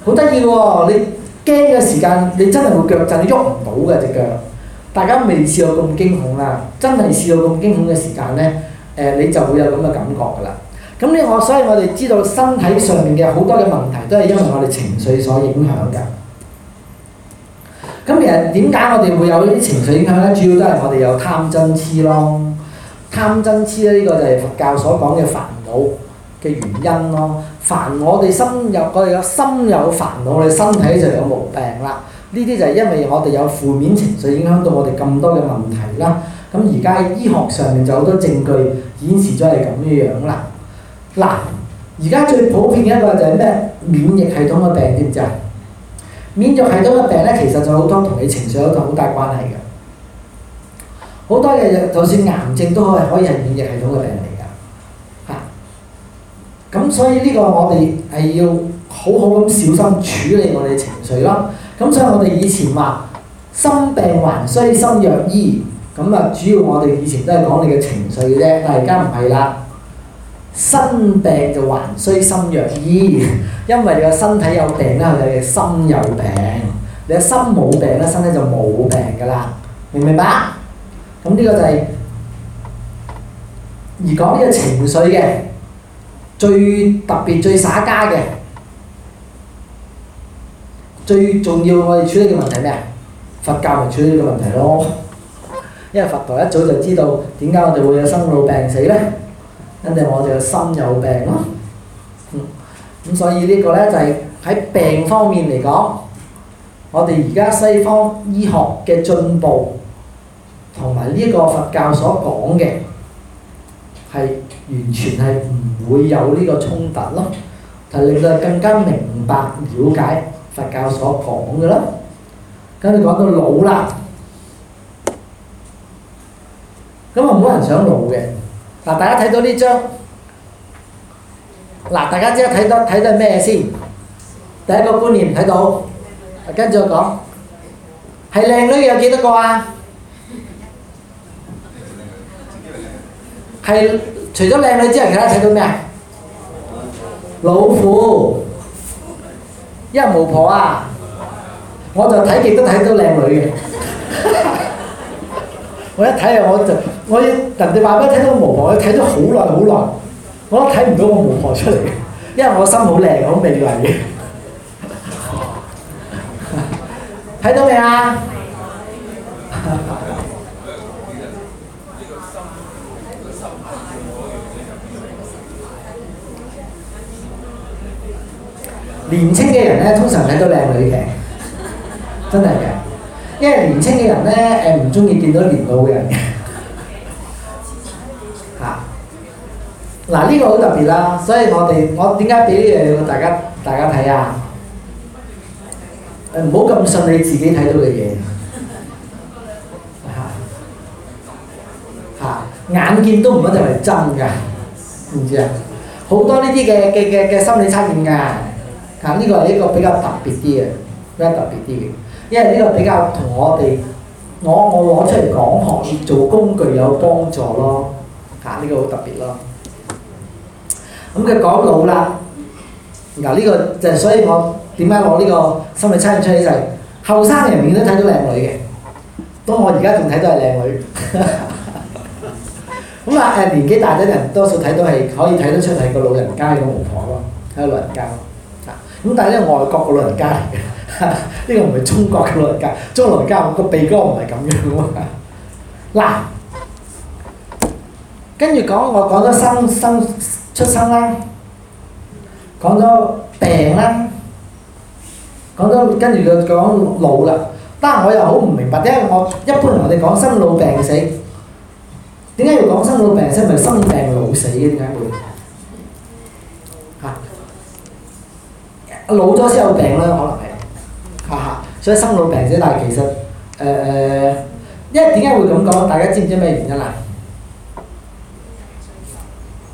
好得意喎。你驚嘅時間，你真係會腳震，你喐唔到㗎隻腳。大家未試過咁驚恐啦，真係試過咁驚恐嘅時間呢，誒、呃、你就會有咁嘅感覺噶啦。咁呢，我所以我哋知道身體上面嘅好多嘅問題都係因為我哋情緒所影響嘅。咁其實點解我哋會有呢啲情緒影響呢？主要都係我哋有貪嗔痴咯，貪嗔痴呢、呢個就係佛教所講嘅煩惱嘅原因咯。煩我哋心有我哋有心有煩惱，我哋身體就有毛病啦。呢啲就係因為我哋有負面情緒影響到我哋咁多嘅問題啦。咁而家喺醫學上面就好多證據顯示咗係咁嘅樣啦。嗱，而家最普遍嘅一個就係咩？免疫系統嘅病添咋？免疫系統嘅病咧，其實就好多同你情緒有個好大關係嘅。好多嘢，就算癌症都係可以係免疫系統嘅病嚟㗎。嚇！咁所以呢個我哋係要好好咁小心處理我哋嘅情緒咯。咁所以我哋以前話心病還需心藥醫，咁啊主要我哋以前都係講你嘅情緒嘅啫，但係而家唔係啦，身病就還需心藥醫，因為你個身體有病咧，你嘅心有病；你嘅心冇病咧，身體就冇病噶啦，明唔明白？咁呢個就係、是、而講呢個情緒嘅最特別最耍家嘅。最重要我哋處理嘅問題咩啊？佛教咪處理呢個問題咯，因為佛陀一早就知道點解我哋會有生老病死咧，因定我哋嘅心有病咯。咁、嗯、所以個呢個咧就係、是、喺病方面嚟講，我哋而家西方醫學嘅進步同埋呢一個佛教所講嘅係完全係唔會有呢個衝突咯，係、就是、令到更加明白了解。佛教所講嘅啦，咁你講到老啦，咁啊冇人想老嘅。嗱，大家睇到呢張，嗱，大家即刻睇到睇到係咩先？第一個觀念睇到，跟住我講，係靚女有幾多個啊？係除咗靚女之外，其他睇到咩啊？老虎。因為巫婆啊，我就睇極都睇到靚女嘅。 我一睇啊，我就我人哋話咩睇到巫婆，我睇咗好耐好耐，我都睇唔到個巫婆出嚟嘅， 因為我心好靚好美麗嘅。睇 到未啊？ 年青嘅人咧，通常睇到靚女嘅。真係嘅，因為年青嘅人咧，誒唔中意見到年老嘅人嘅嚇。嗱 呢、啊這個好特別啦、啊，所以我哋我點解俾呢樣嘢大家大家睇啊？誒唔好咁信你自己睇到嘅嘢嚇嚇，眼見都唔一定係真㗎，唔 知啊，好多呢啲嘅嘅嘅嘅心理測驗㗎。嗱，呢、啊呢個係一個比較特別啲嘅，比較特別啲嘅？因為呢個比較同我哋，我我攞出嚟講行業做工具有幫助咯。嗱、啊，呢、呢個好特別咯。咁佢講老啦，嗱、啊、呢、呢個就係所以我點解攞呢個心理測驗出嚟、就係？就係後生人永遠都睇到靚女嘅，當我而家仲睇到係靚女。咁 啊誒，年紀大啲人多數睇到係可以睇得出係個老人家嘅老婆咯，係老人家。咁但係咧，外國嘅老人家嚟嘅，呢個唔係中國嘅老人家。中國老人家我個鼻哥唔係咁樣喎、 啊。嗱，跟住講我講咗生生出生啦，講咗病啦，講咗跟住就講老啦。但係我又好唔明白，因為我一般人我哋講生老病死，點解要講生老病死？係咪生病老死嘅點解？老咗先有病啦，可能係，嚇、啊！所以生老病啫，但係其實，誒，誒，因為點解會咁講，大家知唔知咩原因啊？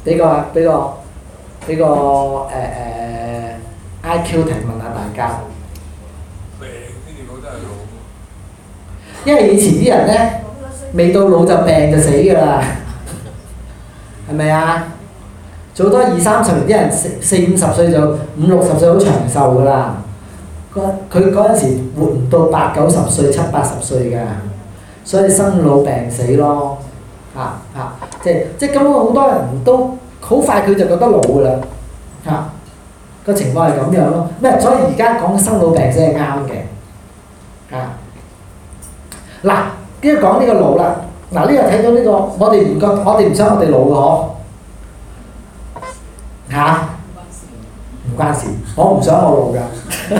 呢個呢個呢個誒誒，I Q 提問，問下大家。因為以前啲人咧，未到老就病就死噶啦，係 咪啊？做多二三十年啲人四五十歲就五六十歲好長壽噶啦，佢嗰陣時活唔到八九十歲七八十歲㗎，所以生老病死咯，嚇，嚇，即係即係咁樣，好多人都好快佢就覺得老㗎啦嚇，個情況係咁樣咯，咩？所以而家講生老病死係啱嘅，嚇嗱，跟住講呢個老啦，嗱，呢個睇到呢個我哋唔覺我哋唔想我哋老㗎嗬。嚇！唔、啊、關事， 我唔想我老㗎。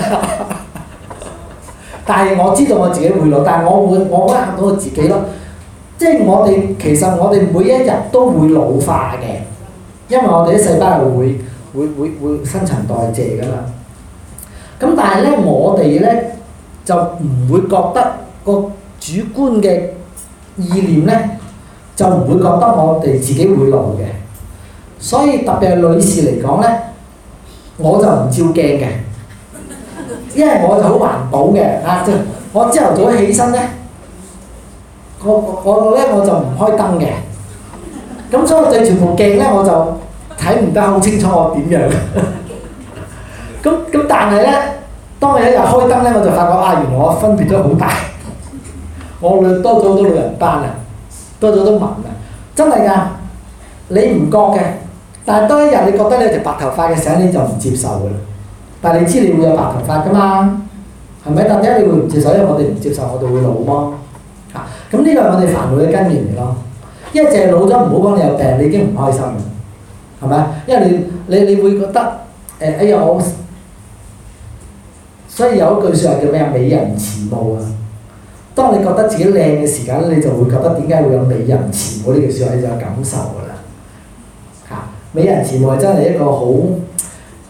但係我知道我自己會老，但係我會，我會嚇到我自己咯。即、就、係、是、我哋其實我哋每一日都會老化嘅，因為我哋啲細胞會會會會新陳代謝㗎嘛。咁但係咧，我哋咧就唔會覺得個主觀嘅意念咧就唔會覺得我哋自己會老嘅。所以特別係女士嚟講咧，我就唔照鏡嘅，因為我就好環保嘅。啊，即係、我朝頭早起身咧，我我咧我就唔開燈嘅。咁所以我對住部鏡咧，我就睇唔得好清楚我點樣。咁、啊、咁但係咧，當你一日開燈咧，我就發覺啊，原來我分別都好大。我老多咗好多老人斑啊，多咗好多紋啊，真係㗎。你唔覺嘅。但係當一日，你覺得你有條白頭髮嘅時候，你就唔接受噶啦。但係你知你會有白頭髮噶嘛？係咪？但點解你會唔接受？因為我哋唔接受，我哋會老嘛。嚇、啊！咁呢個係我哋煩惱嘅根源嚟咯。淨係老咗唔好講，幫你有病，你已經唔開心啦。係咪？因為你你你會覺得誒，哎呀我。所以有一句説話叫咩啊？美人遲暮啊！當你覺得自己靚嘅時間，你就會覺得點解會有美人遲暮呢句説話？你就有感受噶啦。美人遲暮真係一個好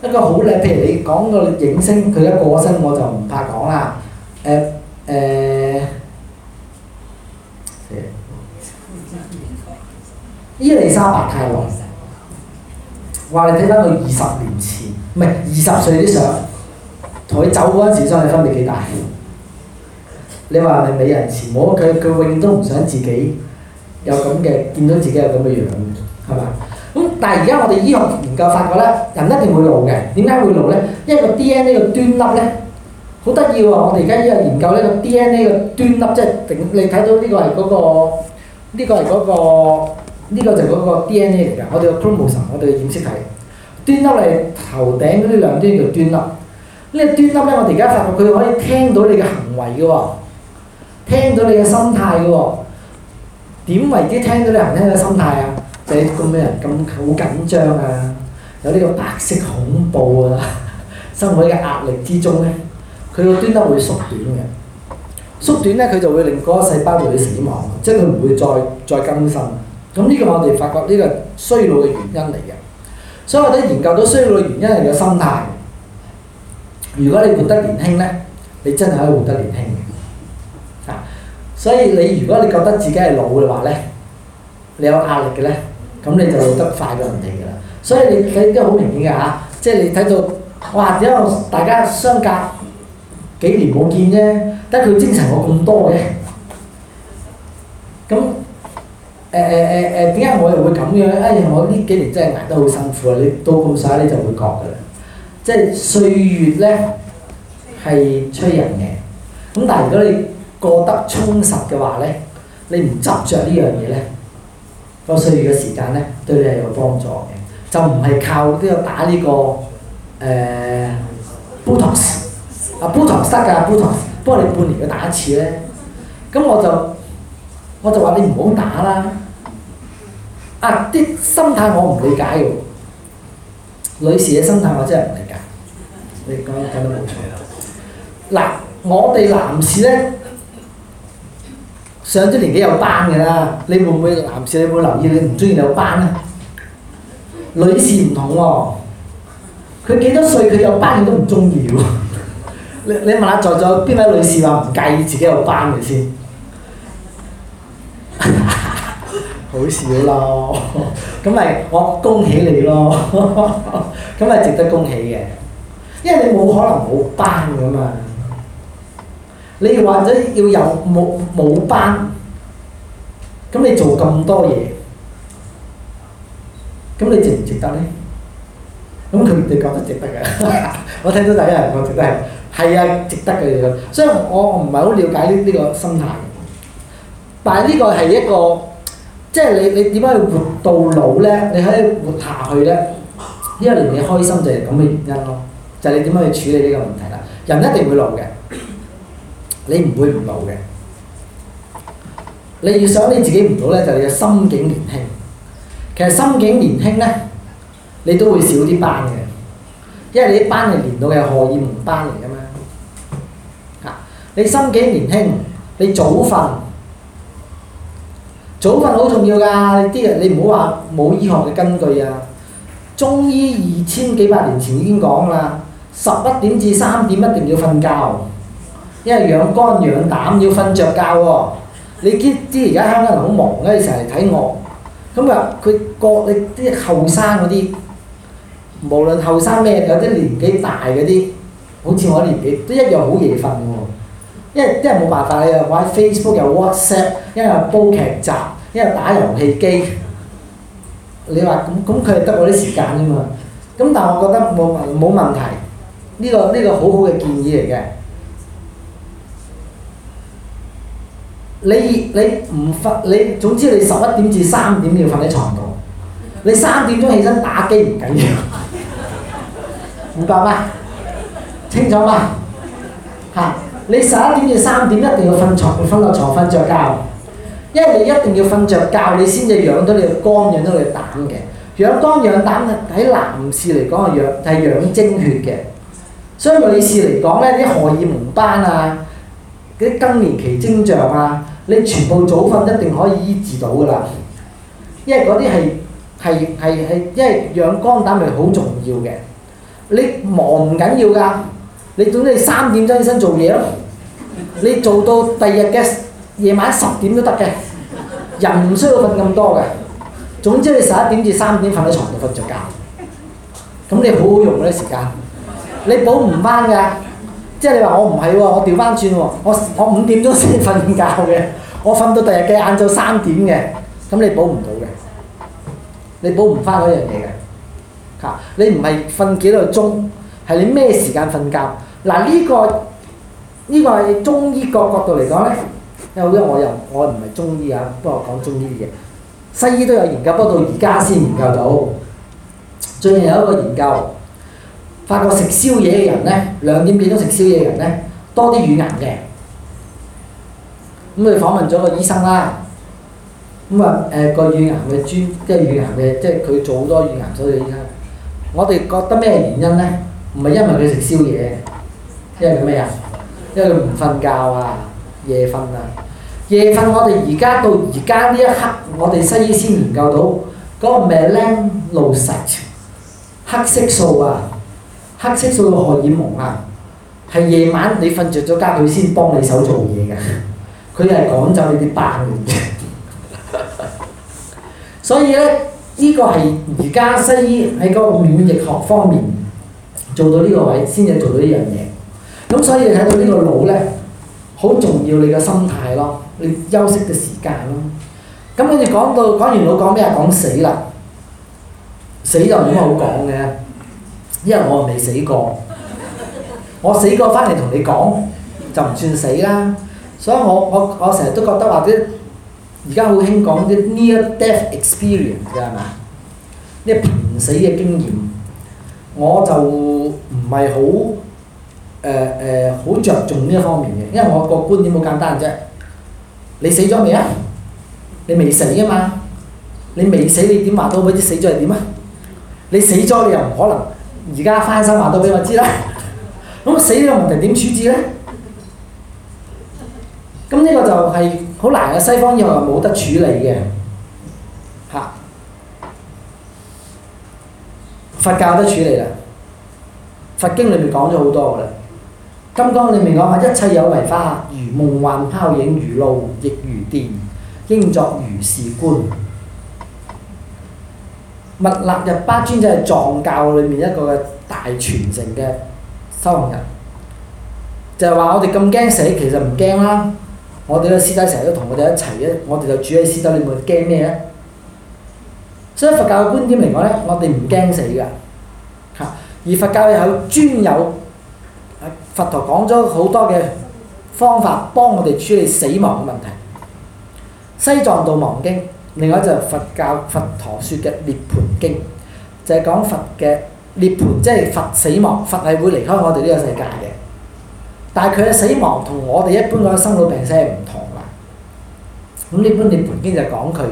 一個好靚。譬如你講個影星，佢一過身我就唔怕講啦。誒、呃、誒，呃、伊麗莎白泰萊話：「你睇翻佢二十年前，唔係二十歲啲相，同佢走嗰陣時，相距分別幾大？你話你美人遲暮？我佢佢永遠都唔想自己有咁嘅，見到自己有咁嘅樣，樣。但係而家我哋醫學研究發覺咧，人一定會老嘅。點解會老咧？因為個 DNA 個端粒咧，好得意喎！我哋而家醫學研究呢個 DNA 個端粒，即係你睇到呢個係嗰個，呢個係嗰個，呢個就嗰個 DNA 嚟嘅。我哋個 promotion 我哋染色體，端粒係頭頂嗰啲兩端叫端粒。呢個端粒咧，我哋而家發覺佢可以聽到你嘅行為嘅喎，聽到你嘅心態嘅喎。點為之聽到你行聽到心態啊？喺咁嘅人咁好緊張啊，有呢個白色恐怖啊， 生活嘅壓力之中咧，佢個端粒會縮短嘅，縮短咧佢就會令嗰個細胞會死亡，即係佢唔會再再更新。咁呢個我哋發覺呢個衰老嘅原因嚟嘅，所以我哋研究到衰老嘅原因係個心態。如果你活得年輕咧，你真係可以活得年輕嘅。嗱， 所以你如果你覺得自己係老嘅話咧，你有壓力嘅咧。咁你就得快咗人哋㗎啦，所以你睇都好明顯㗎嚇、啊，即係你睇到哇，點解大家相隔幾年冇見啫？得佢精神我咁多嘅，咁誒誒誒誒，點、呃、解、呃、我又會咁樣？哎呀，我呢幾年真係捱得好辛苦啊！你到咁曬你就會覺㗎啦，即係歲月咧係催人嘅，咁但係如果你過得充實嘅話咧，你唔執着呢樣嘢咧。個歲月嘅時間咧，對你係有幫助嘅，就唔係靠呢啲打呢、呢個誒，Botox，阿 Botox 塞噶 Botox 不過你半年要打一次咧，咁我就我就話你唔好打啦。啊啲心態我唔理解喎，女士嘅心態我真係唔理解，你講講得冇錯，嗱我哋男士咧。上咗年紀有斑嘅啦，你會唔會男士？你會唔會留意你唔中意有斑？咧？女士唔同喎，啊，佢幾多歲佢有斑，佢都唔中意喎。你你問下在座邊位女士話唔介意自己有斑嘅先？ 好少 咯，咁 咪、就是、我恭喜你咯，咁 咪值得恭喜嘅，因為你冇可能冇斑嘅嘛。你或者要有冇冇班，咁你做咁多嘢，咁你值唔值得咧？咁佢哋覺得值得嘅，我聽到第一人講值得係係啊，值得嘅嘢。所以我唔係好了解呢呢個心態。但係呢個係一個，即係你你點樣去活到老咧？你可以活下去咧，呢一年你開心就係咁嘅原因咯。就係你點樣去處理呢個問題啦？人一定會老嘅。你唔會唔老嘅，你要想你自己唔老咧，就要、是、你心境年輕。其實心境年輕咧，你都會少啲斑嘅，因為你班斑年連到嘅荷爾蒙斑嚟噶嘛。嚇，你心境年輕，你早瞓，早瞓好重要㗎。啲人你唔好話冇醫學嘅根據啊。中醫二千幾百年前已經講啦，十一點至三點一定要瞓覺。因為養肝養膽要瞓著覺喎，你知知而家香港人好忙咧，成日嚟睇我，咁啊佢個你啲後生嗰啲，無論後生咩，有啲年紀大嗰啲，好似我年紀都一樣好夜瞓喎，因為因為冇辦法，你又玩 Facebook 又 WhatsApp，因為煲劇集，因為打遊戲機，你話咁咁佢係得我啲時間啫嘛，咁但係我覺得冇冇問題，呢個呢個好好嘅建議嚟嘅。你你唔瞓，你，你總之你十一點至三點要瞓喺床度。你三點鐘起身打機唔緊要，明白 嗎？清楚嗎？嚇！你十一點至三點一定要瞓床，瞓落床，瞓着覺，因為你一定要瞓着覺，你先至養到你嘅肝、養到你嘅膽嘅。養肝養肝養肝養肝養膽喺男士嚟講係養係養精血嘅，所以女士嚟講咧，啲荷爾蒙斑啊、啲更年期徵象啊～你全部早瞓一定可以醫治到㗎喇，因為嗰啲係係係係，因為養肝膽係好重要嘅。你忙唔緊要㗎，你總之三點鐘起身做嘢咯。你做到第二日嘅夜晚十點都得嘅，人唔需要瞓咁多嘅。總之你十一點至三點瞓喺床度瞓着覺，咁你好好用嗰啲時間，你補唔返㗎。即係你話我唔係喎，我調翻轉喎，我我五點鐘先瞓覺嘅，我瞓到第二日嘅晏晝三點嘅，咁你補唔到嘅，你補唔翻嗰樣嘢嘅，嚇！你唔係瞓幾多個鐘，係你咩時間瞓覺？嗱，呢個呢個係中醫個角度嚟講咧，因為我又我唔係中醫啊，不過講中醫嘅。西醫都有研究，不過到而家先研究到，最近有一個研究。發覺食宵夜嘅人咧，兩點幾鐘食宵夜嘅人咧，多啲乳癌嘅。咁佢哋訪問咗個醫生啦。咁啊，誒個乳癌嘅專，即係乳癌嘅，即係佢做好多乳癌醫生，所以依家我哋覺得咩原因咧？唔係因為佢食宵夜，因為咩啊？因為佢唔瞓覺啊，夜瞓啊。夜瞓，我哋而家到而家呢一刻，我哋西醫先研究到嗰個 melanin 黑色素啊。黑色素嘅荷爾蒙啊，係夜晚你瞓着咗覺，佢先幫你手做嘢嘅。佢係趕走你啲斑嘅。 所以咧，呢、呢個係而家西醫喺嗰個免疫學方面做到呢個位，先至做到呢樣嘢。咁所以睇到個腦呢個腦咧，好重要你嘅心態咯，你休息嘅時間咯。咁跟住講到講完腦講咩啊？講死啦！死就點好講嘅？因為我未死過，我死過翻嚟同你講就唔算死啦。所以我我我成日都覺得或者而家好興講啲 near death experience 㗎係嘛？啲瀕死嘅經驗，我就唔係好誒誒好著重呢一方面嘅，因為我個觀點好簡單啫。你死咗未啊？你未死啊嘛？你未死你點話到嗰啲死咗係點啊？你死咗你又唔可能。而家翻生話都俾我知啦，咁死呢個問題點處置咧？咁呢個就係好難嘅，西方以後又話冇得處理嘅，嚇、啊！佛教都處理啦，佛經裏面講咗好多嘅啦。金剛裏面講話一切有為法，如夢幻泡影，如露亦如電，應作如是觀。密勒日巴尊者就係藏教裏面一個大傳承嘅修行人，就係話我哋咁驚死，其實唔驚啦。我哋嘅師仔成日都同我哋一齊嘅，我哋就住喺師仔裏面，驚咩咧？所以佛教嘅觀點嚟講呢，我哋唔驚死㗎。嚇！而佛教有專有，佛陀講咗好多嘅方法幫我哋處理死亡嘅問題。西藏度亡經。另外就佛教佛陀說嘅涅槃經，就係、是、講佛嘅涅槃，即係佛死亡，佛係會離開我哋呢個世界嘅。但係佢嘅死亡同我哋一般講嘅生老病死係唔同啦。咁呢本涅槃經就講佢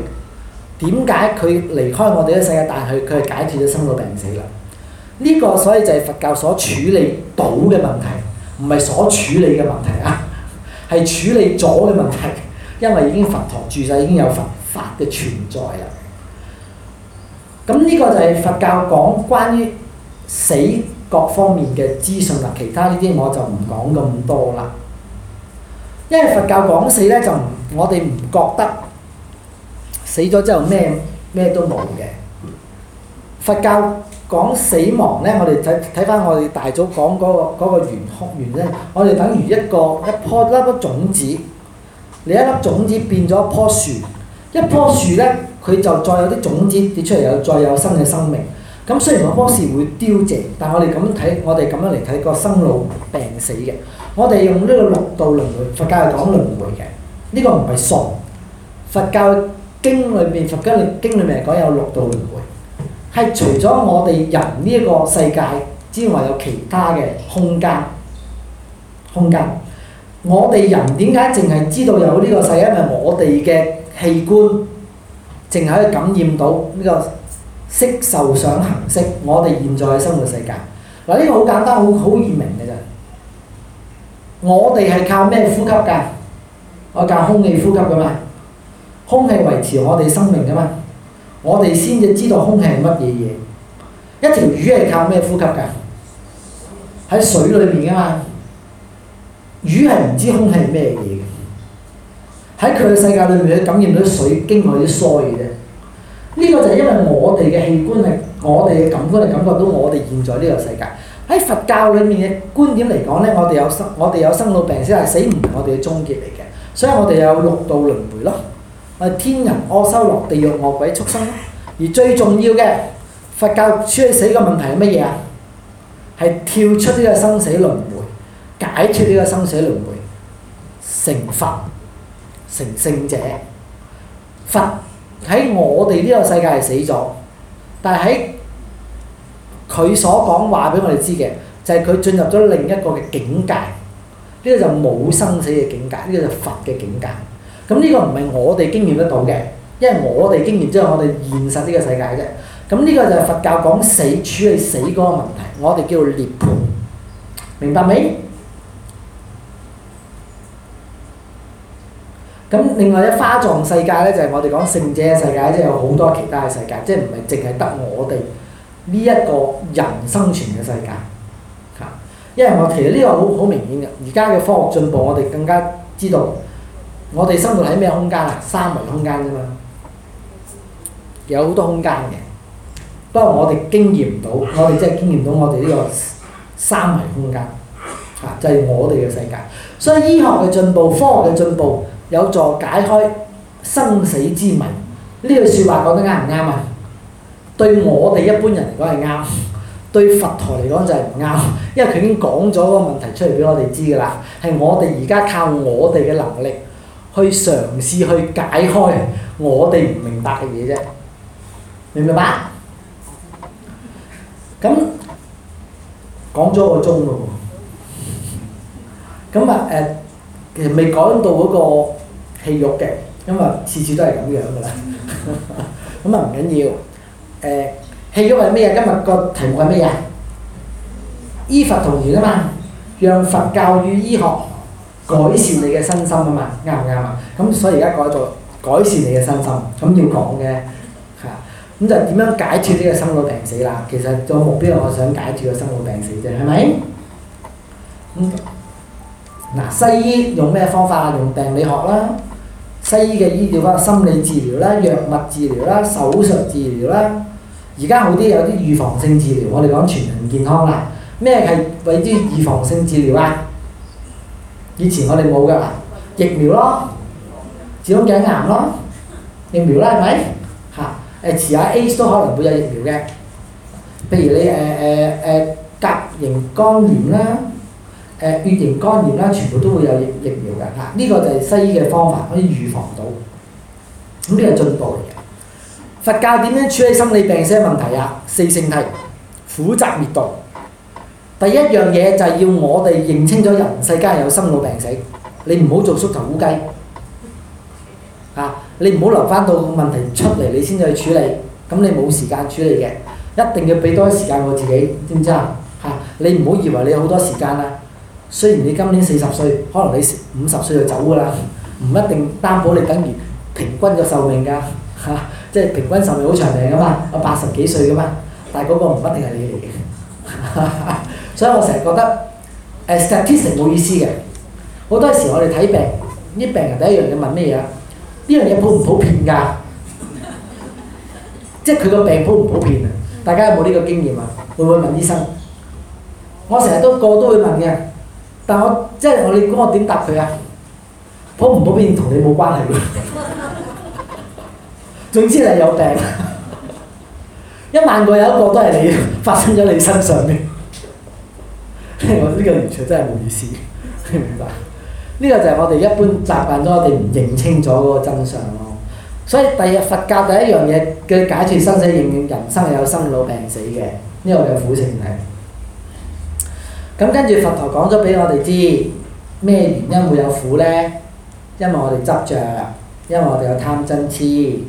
點解佢離開我哋呢個世界，但係佢佢係解脫咗生老病死啦。呢、這個所以就係佛教所處理到嘅問題，唔係所處理嘅問題啊，係處理咗嘅問題，因為已經佛陀住世，已經有佛。嘅存在啦，咁呢個就係佛教講關於死各方面嘅資訊啦。其他呢啲我就唔講咁多啦，因為佛教講死咧就唔，我哋唔覺得死咗之後咩咩都冇嘅。佛教講死亡咧，我哋睇睇翻我哋大早講嗰個嗰個緣空原因，我哋等於一個一樖粒嘅種子，你一粒種子變咗一樖樹。一棵樹呢，佢就再有啲種子跌出嚟，又再有新嘅生命。咁雖然嗰棵樹會凋謝，但係我哋咁樣睇，我哋咁樣嚟睇個生老病死嘅。我哋用呢個六道輪迴，佛教係講輪迴嘅。呢個唔係喪。佛教經裏面，佛教經裏面嚟講有六道輪迴，係除咗我哋人呢一個世界之外，有其他嘅空間空間。我哋人點解淨係知道有呢個世界？因為我哋嘅。器官淨係可以感染到呢個色受想行識，我哋現在嘅生活世界嗱，呢、這個好簡單，好好易明嘅咋。我哋係靠咩呼吸㗎？我靠空氣呼吸㗎嘛，空氣維持我哋生命㗎嘛，我哋先至知道空氣係乜嘢嘢。一條魚係靠咩呼吸㗎？喺水裏面吖嘛，魚係唔知空氣係咩嘢嘅。喺佢嘅世界裏面，佢感染到水經嗰啲衰嘅。呢、這個就係因為我哋嘅器官係我哋嘅感官嚟，感覺到我哋現在呢個世界。喺佛教裏面嘅觀點嚟講咧，我哋有生，我哋有生老病死，係死唔係我哋嘅終結嚟嘅。所以我哋有六道輪迴咯，天人阿修羅、地獄惡鬼畜生。而最重要嘅佛教處理死嘅問題係乜嘢啊？係跳出呢個生死輪迴，解除呢個生死輪迴，成佛。成聖者，佛喺我哋呢個世界係死咗，但係喺佢所講話俾我哋知嘅，就係佢進入咗另一個嘅境界，呢、這個就冇生死嘅境界，呢、這個就佛嘅境界。咁、嗯、呢、這個唔係我哋經驗得到嘅，因為我哋經驗只係我哋現實呢個世界啫。咁、嗯、呢、這個就係佛教講死處於死嗰個問題，我哋叫涅槃，明白未？咁另外咧，華藏世界咧，就係我哋講聖者嘅世界，即係有好多其他嘅世界，即係唔係淨係得我哋呢一個人生存嘅世界嚇。因為我其實呢個好好明顯嘅，而家嘅科學進步，我哋更加知道我哋生活喺咩空間啊？三維空間啫嘛，有好多空間嘅，不過我哋經驗唔到，我哋真係經驗到我哋呢個三維空間嚇，就係我哋嘅世界。所以醫學嘅進步，科學嘅進步，有助解開生死之謎，呢句説話講得啱唔啱啊？對我哋一般人嚟講係啱，對佛陀嚟講就係唔啱，因為佢已經講咗個問題出嚟俾我哋知㗎啦。係我哋而家靠我哋嘅能力去嘗試去解開我哋唔明白嘅嘢啫，明唔明白？咁講咗個鐘咯喎，咁啊誒，其實未講到嗰個。氣慾嘅，因為次次都係咁樣噶啦，咁啊唔緊要，誒、呃、氣慾係咩啊？今日個題目係咩啊？醫法同源啊嘛，讓佛教與醫學改善你嘅身心啊嘛，啱唔啱啊？咁所以而家改做改善你嘅身心，咁要講嘅嚇，咁就點樣解決呢個生老病死啦？其實做目標係我想解決個生老病死啫，係咪？嗯，嗱，西醫用咩方法？用病理學啦。西醫嘅醫療包括心理治療啦、藥物治療啦、手術治療啦。而家好啲有啲預防性治療，我哋講全人健康啦。咩係為之預防性治療啊？以前我哋冇㗎，疫苗咯，子宮頸癌咯，疫苗啦係咪嚇？誒、啊，遲下 A 都可能會有疫苗嘅。譬如你誒誒誒甲型肝炎啦。誒，乙型、呃、肝炎啦，全部都會有疫疫苗㗎。嗱、啊，呢、這個就係西醫嘅方法，可以預防到。咁呢個進步嚟嘅。佛教點樣處理心理病些問題啊？四聖諦，苦集滅道。第一樣嘢就係要我哋認清楚，人世間有生老病死，你唔好做縮頭烏雞。啊，你唔好留翻到問題出嚟，你先至去處理。咁你冇時間處理嘅，一定要俾多啲時間我自己，知唔知啊？嚇，你唔好以為你好多時間啦、啊。雖然你今年四十歲，可能你五十歲就走㗎啦，唔一定擔保你等於平均個壽命㗎嚇、啊，即係平均壽命好長命㗎嘛，我八十幾歲㗎嘛，但係嗰個唔一定係你嚟嘅、啊，所以我成日覺得誒、啊、statistics 冇意思嘅。好多時我哋睇病，啲病人第一樣嘢問咩嘢？呢樣嘢普唔普遍㗎？即係佢個病普唔普遍啊？大家有冇呢個經驗啊？會唔會問醫生？我成日都個個都會問嘅。但我即係，我不不你估我點答佢啊？普唔普遍同你冇關係。總之你有病， 一萬個有一個都係你發生咗你身上邊。 我呢、這個完全真係冇意思，你明白？呢個就係我哋一般習慣，咗，我哋唔認清楚嗰個真相咯。所以第日佛教第一樣嘢嘅解決生死認認人，生有生老病死嘅，呢個有苦情嚟。咁跟住佛陀講咗俾我哋知咩原因會有苦呢？因為我哋執着，因為我哋有貪嗔痴。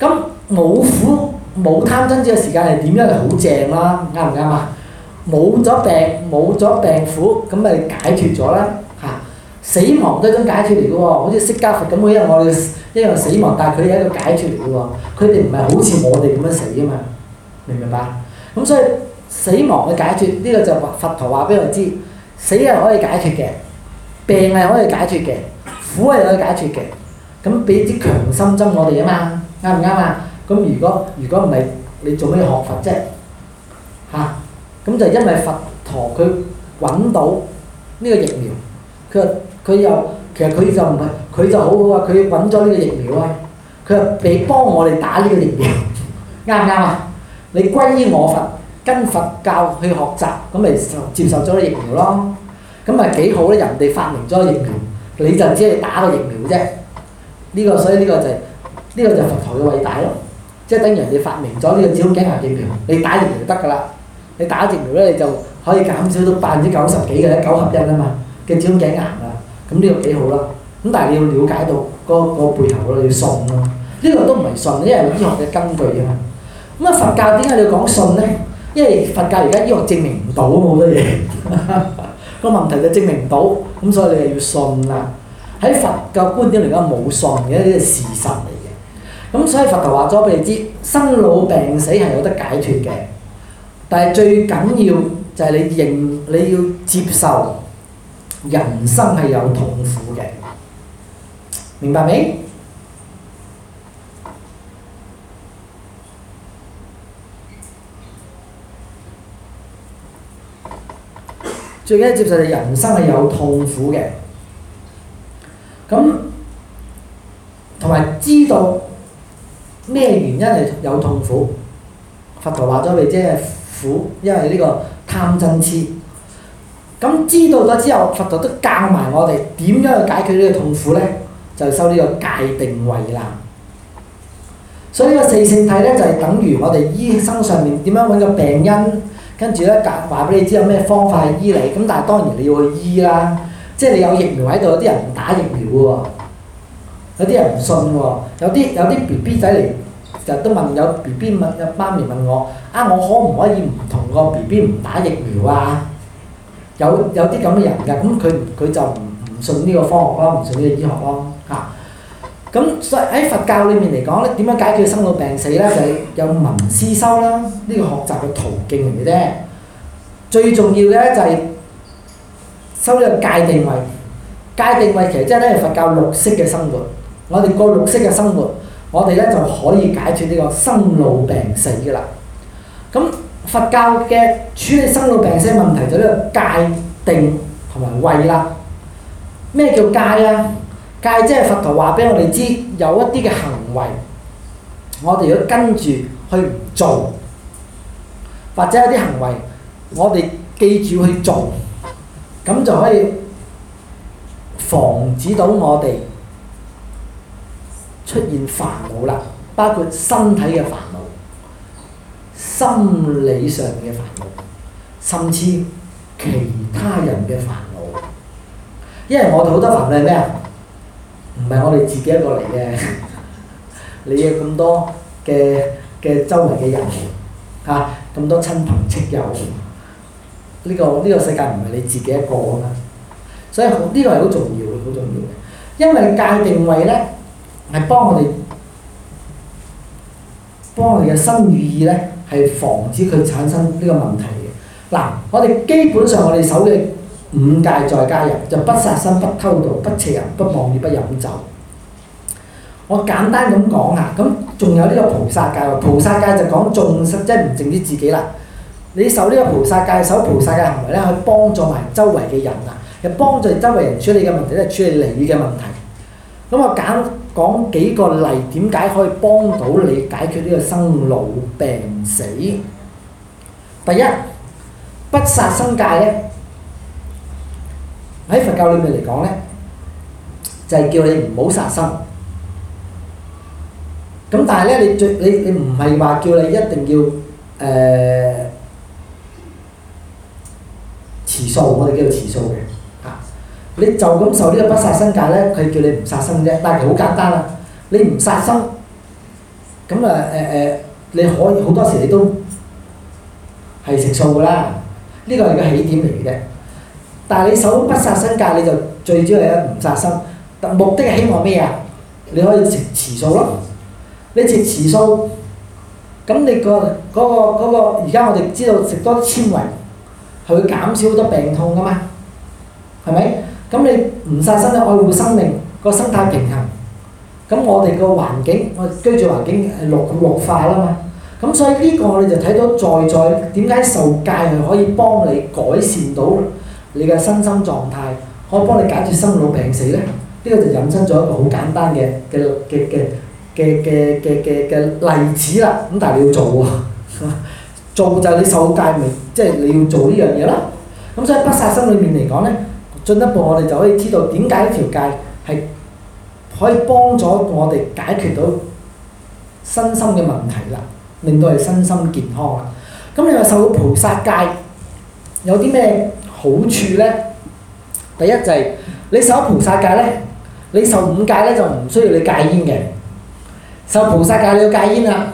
咁冇苦冇貪嗔痴嘅時間係點樣？係好正啦，啱唔啱啊？冇咗病，冇咗病苦，咁咪解決咗啦嚇。死亡都係一種解決嚟嘅喎，好似釋迦佛咁樣，因為我哋一樣死亡，但係佢係一個解決嚟嘅喎。佢哋唔係好似我哋咁樣死啊嘛，明唔明白？咁所以。死亡嘅解決呢，呢個就佛佛陀話俾我知，死係可以解決嘅，病係可以解決嘅，苦係可以解決嘅。咁俾啲強心針我哋啊嘛，啱唔啱啊？咁如果如果唔係你做咩學佛啫？吓，咁就因為佛陀佢揾到呢個疫苗，佢佢又其實佢就唔係佢就好好啊！佢揾咗呢個疫苗啊！佢話俾幫我哋打呢個疫苗，啱唔啱啊？你歸於我，我佛。跟佛教去學習，咁咪接受咗啲疫苗咯。咁咪幾好咧？人哋發明咗疫苗，你就只係打個疫苗啫。呢、這個所以呢個就係、是、呢、這個就係佛陀嘅偉大咯。即係等人哋發明咗呢個子宮頸癌疫苗，你打疫苗就得㗎啦。你打疫苗咧，你就可以減少到百分之九十幾嘅九合一啊嘛嘅子宮頸癌啊。咁呢個幾好啦。咁但係你要了解到嗰、那個那個背後咯，要信咯、啊。呢、這個都唔係信，因為醫學嘅根據啊嘛。咁啊，佛教點解要講信咧？因為佛教而家醫學證明唔到好多嘢，個問題就證明唔到，咁所以你就要信啦。喺佛教觀點嚟講冇信嘅呢啲係事實嚟嘅，咁所以佛陀話咗俾你知，生老病死係有得解脫嘅，但係最緊要就係你認你要接受人生係有痛苦嘅，明白未？最緊要接受你人生係有痛苦嘅，咁同埋知道咩原因係有痛苦，佛陀話咗你，即係苦，因為呢個貪嗔痴。咁知道咗之後，佛陀都教埋我哋點樣去解決呢個痛苦咧，就修呢個戒定慧啦。所以呢個四聖諦咧，就係、是、等於我哋醫生上面點樣揾個病因。跟住咧，講話俾你知有咩方法去醫你。咁但係當然你要去醫啦。即係你有疫苗喺度，有啲人唔打疫苗喎，有啲人唔信喎。有啲有啲 B B 仔嚟，成日都問有 B B 問有媽咪問我：啊，我可唔可以唔同個 B B 唔打疫苗啊？有有啲咁嘅人㗎，咁佢佢就唔唔信呢個科學咯，唔信呢個醫學咯。咁所以喺佛教裏面嚟講咧，點樣解決生老病死咧？就係有聞思修啦，呢個學習嘅途徑嚟嘅啫。最重要嘅咧就係修入戒定慧。戒定慧其實，即係咧佛教綠色嘅生活。我哋過綠色嘅生活，我哋咧就可以解決呢個生老病死噶啦。咁佛教嘅處理生老病死嘅問題就呢個戒定同埋慧啦。咩叫戒啊？戒即係佛陀話俾我哋知，有一啲嘅行為，我哋要跟住去做，或者有啲行為，我哋記住去做，咁就可以防止到我哋出現煩惱啦。包括身體嘅煩惱、心理上嘅煩惱，甚至其他人嘅煩惱。因為我哋好多煩惱係咩啊？唔係我哋自己一個嚟嘅， 你有咁多嘅嘅周圍嘅人嚇，咁、啊、咁多親朋戚友，呢個呢個世界唔係你自己一個噶嘛，所以呢個係好重要嘅，好重要嘅，因為界定位咧係幫我哋幫我哋嘅心寓意咧係防止佢產生呢個問題嘅。嗱，我哋基本上我哋手嘅。五戒在家人，就不殺生、不偷盜、不邪淫、不妄語、不飲酒。我簡單咁講啊，咁仲有呢個菩薩戒。菩薩戒就講眾生，即唔淨止自己啦。你受呢個菩薩戒，受菩薩嘅行為咧，可以幫助埋周圍嘅人啊，又幫助周圍，人，助周圍人處理嘅問題咧，處理你嘅問題。咁我簡講幾個例，點解可以幫到你解決呢個生老病死？第一，不殺生戒咧。喺佛教裏面嚟講咧，就係、是、叫你唔好殺生。咁但係咧，你最你你唔係話叫你一定要誒持、呃、素，我哋叫做持素嘅嚇。你就咁受呢個不殺生戒呢」戒咧，佢叫你唔殺生啫。但係好簡單啦、啊，你唔殺生，咁啊誒誒，你可以好多時你都係食素㗎啦。呢個係個起點嚟嘅。但係你守不殺生戒，你就最主要係唔殺生。但目的係希望咩啊？你可以食慈素咯，你食慈素，咁你個嗰個嗰個，而家我哋知道食多啲纖維係會減少好多病痛噶嘛，係咪？咁你唔殺生咧，愛護生命，個生態平衡，咁我哋個環境，我居住環境係綠綠化啦嘛。咁所以呢個我哋就睇到在在點解受戒係可以幫你改善到，你嘅身心狀態可以幫你解決生老病死咧？呢個就引申咗一個好簡單嘅嘅嘅嘅嘅嘅嘅嘅例子啦。咁但係你要做做就係你受戒咪，即係你要做呢樣嘢啦。咁所以不殺生裏面嚟講咧，進一步我哋就可以知道點解呢條戒係可以幫助我哋解決到身心嘅問題啦，令到你身心健康啦。咁你話受咗菩薩戒有啲咩好處咧，第一就係你受菩薩戒咧，你受，戒你受五戒咧就唔需要你戒煙嘅。受菩薩戒你要戒煙啊，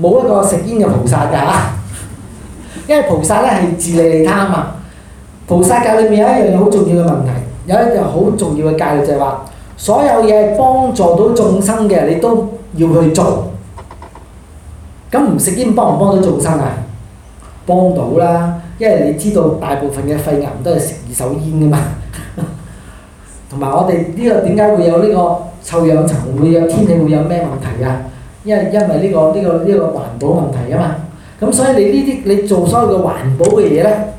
冇一個食煙嘅菩薩噶嚇。 因為菩薩咧係自利利他啊嘛。菩薩戒裏面有一樣好重要嘅問題，有一樣好重要嘅戒律就係話，所有嘢幫助到眾生嘅你都要去做。咁唔食煙幫唔幫到眾生啊？幫到啦。因為你知道大部分嘅肺癌都係食二手煙噶嘛，同埋我哋呢個點解會有呢個臭氧層會有天氣會有咩問題啊？因為因為呢個呢個呢個環保問題啊嘛，咁所以你呢啲你做所有嘅環保嘅嘢咧，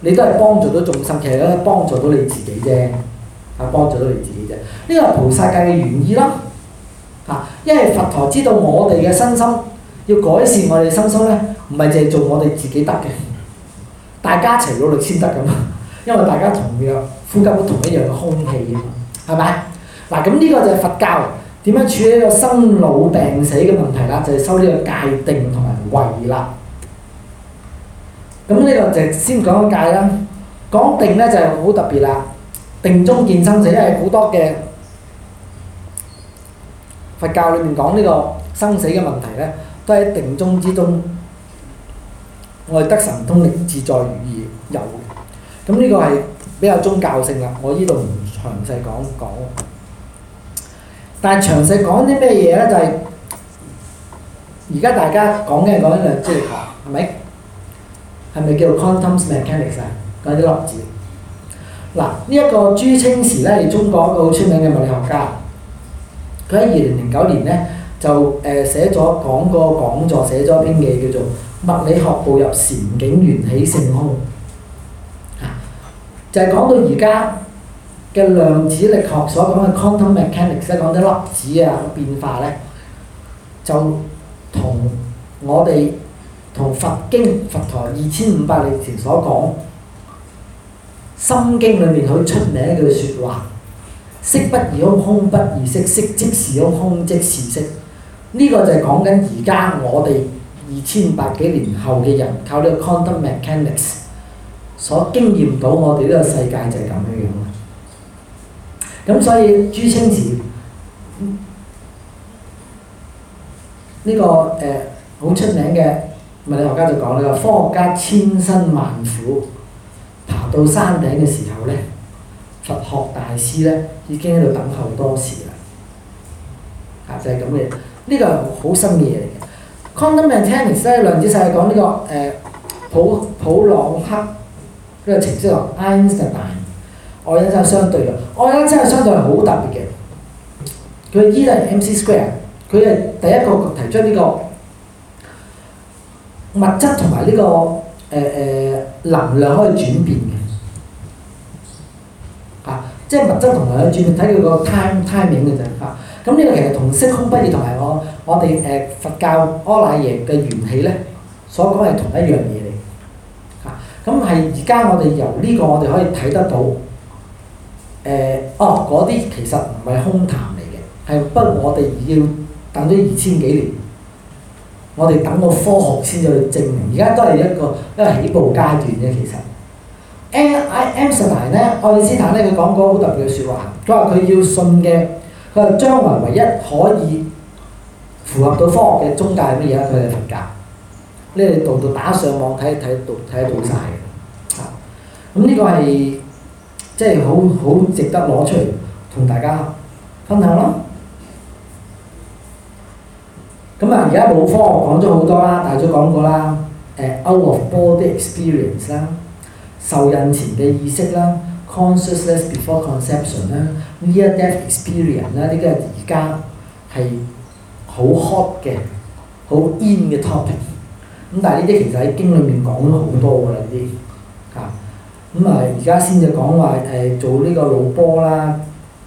你都係幫助到眾心。其實咧幫助到你自己啫，嚇幫助到你自己啫。呢個菩薩界嘅原意啦，嚇，因為佛陀知道我哋嘅身心。要改善我哋身心咧，唔係淨係做我哋自己得嘅，大家一齊努力先得㗎嘛。因為大家同樣呼吸到同一樣嘅空氣啊嘛，係咪？嗱咁呢個就係佛教點樣處理呢個生老病死嘅問題啦，就係收呢個戒定同埋慧啦。咁呢個就先講一戒啦，講定咧就係好特別啦。定中見生死，因為好多嘅佛教裏面講呢個生死嘅問題咧。都喺定中之中，我哋得神通力自在如意有嘅，咁、嗯、呢、這個係比較宗教性啦。我呢度唔詳細講講，但係詳細講啲咩嘢咧？就係而家大家講嘅講緊量子學，係、就、咪、是？係咪叫 quantum mechanics 啊？講啲粒子。嗱，呢一個朱清時咧，係中國一個好出名嘅物理學家，佢喺二零零九年咧。就誒寫咗講個講座，寫咗篇記叫做《物理學步入禪境，緣起性空》啊、就係、是、講到而家嘅量子力學所講嘅 quantum mechanics，即講啲粒子啊變化咧，就同我哋同佛經佛陀二千五百年前所講《心經》裏面好出名一句說話：色不異空，空不異色，色即是空，空即是色。呢個就係講緊而家我哋二千百幾年後嘅人，靠呢個 quantum mechanics 所經驗到我哋呢個世界就係咁樣樣啦。咁所以朱清時呢個誒好、呃、出名嘅物理學家就講啦，科學家千辛萬苦爬到山頂嘅時候咧，佛學大師咧已經喺度等候多時啦。嚇，就係咁嘅。個呢個係好深嘅嘢嚟嘅。c o n d o m n and tenness 咧，量子世界講呢個誒普普朗克呢個程式 Einstein 外因就相對嘅，外因真係相對係好特別嘅。佢依度係 M C square，佢係第一個提出呢個物質同埋呢個誒誒、呃、能量可以轉變嘅。啊，即係物質同埋可以轉，睇佢個 t i m time 名嘅就係咁呢個其實同色空不二同埋我我哋誒佛教阿賴耶嘅元氣咧，所講係同一樣嘢嚟嚇。咁係而家我哋由呢個我哋可以睇得到，誒、呃、哦嗰啲其實唔係空談嚟嘅，係不過我哋要等咗二千幾年，我哋等個科學先至去證明，而家都係一個一個起步階段啫。其實，Einstein 咧，ine, 愛因斯坦咧，佢講過好特別嘅説話，佢話佢要信嘅。佢話：將來唯一可以符合到科學嘅宗教乜嘢佢係佛教呢，呢啲度度打上網睇睇度睇到晒。嘅、嗯。啊、嗯、咁、這、呢個係即係好好值得攞出嚟同大家分享咯。咁、嗯、啊，而家冇科學講咗好多啦，大咗講過啦，誒、嗯 uh, Out of Body Experience 啦，受孕前嘅意識啦。consciousness before conception 咧，near death experience 咧，呢啲係而家係好 hot 嘅、好 in 嘅 topic。咁但係呢啲其實喺經裏面講咗好多㗎啦，呢啲吓咁啊，而家先至講話，誒，做呢個腦波啦，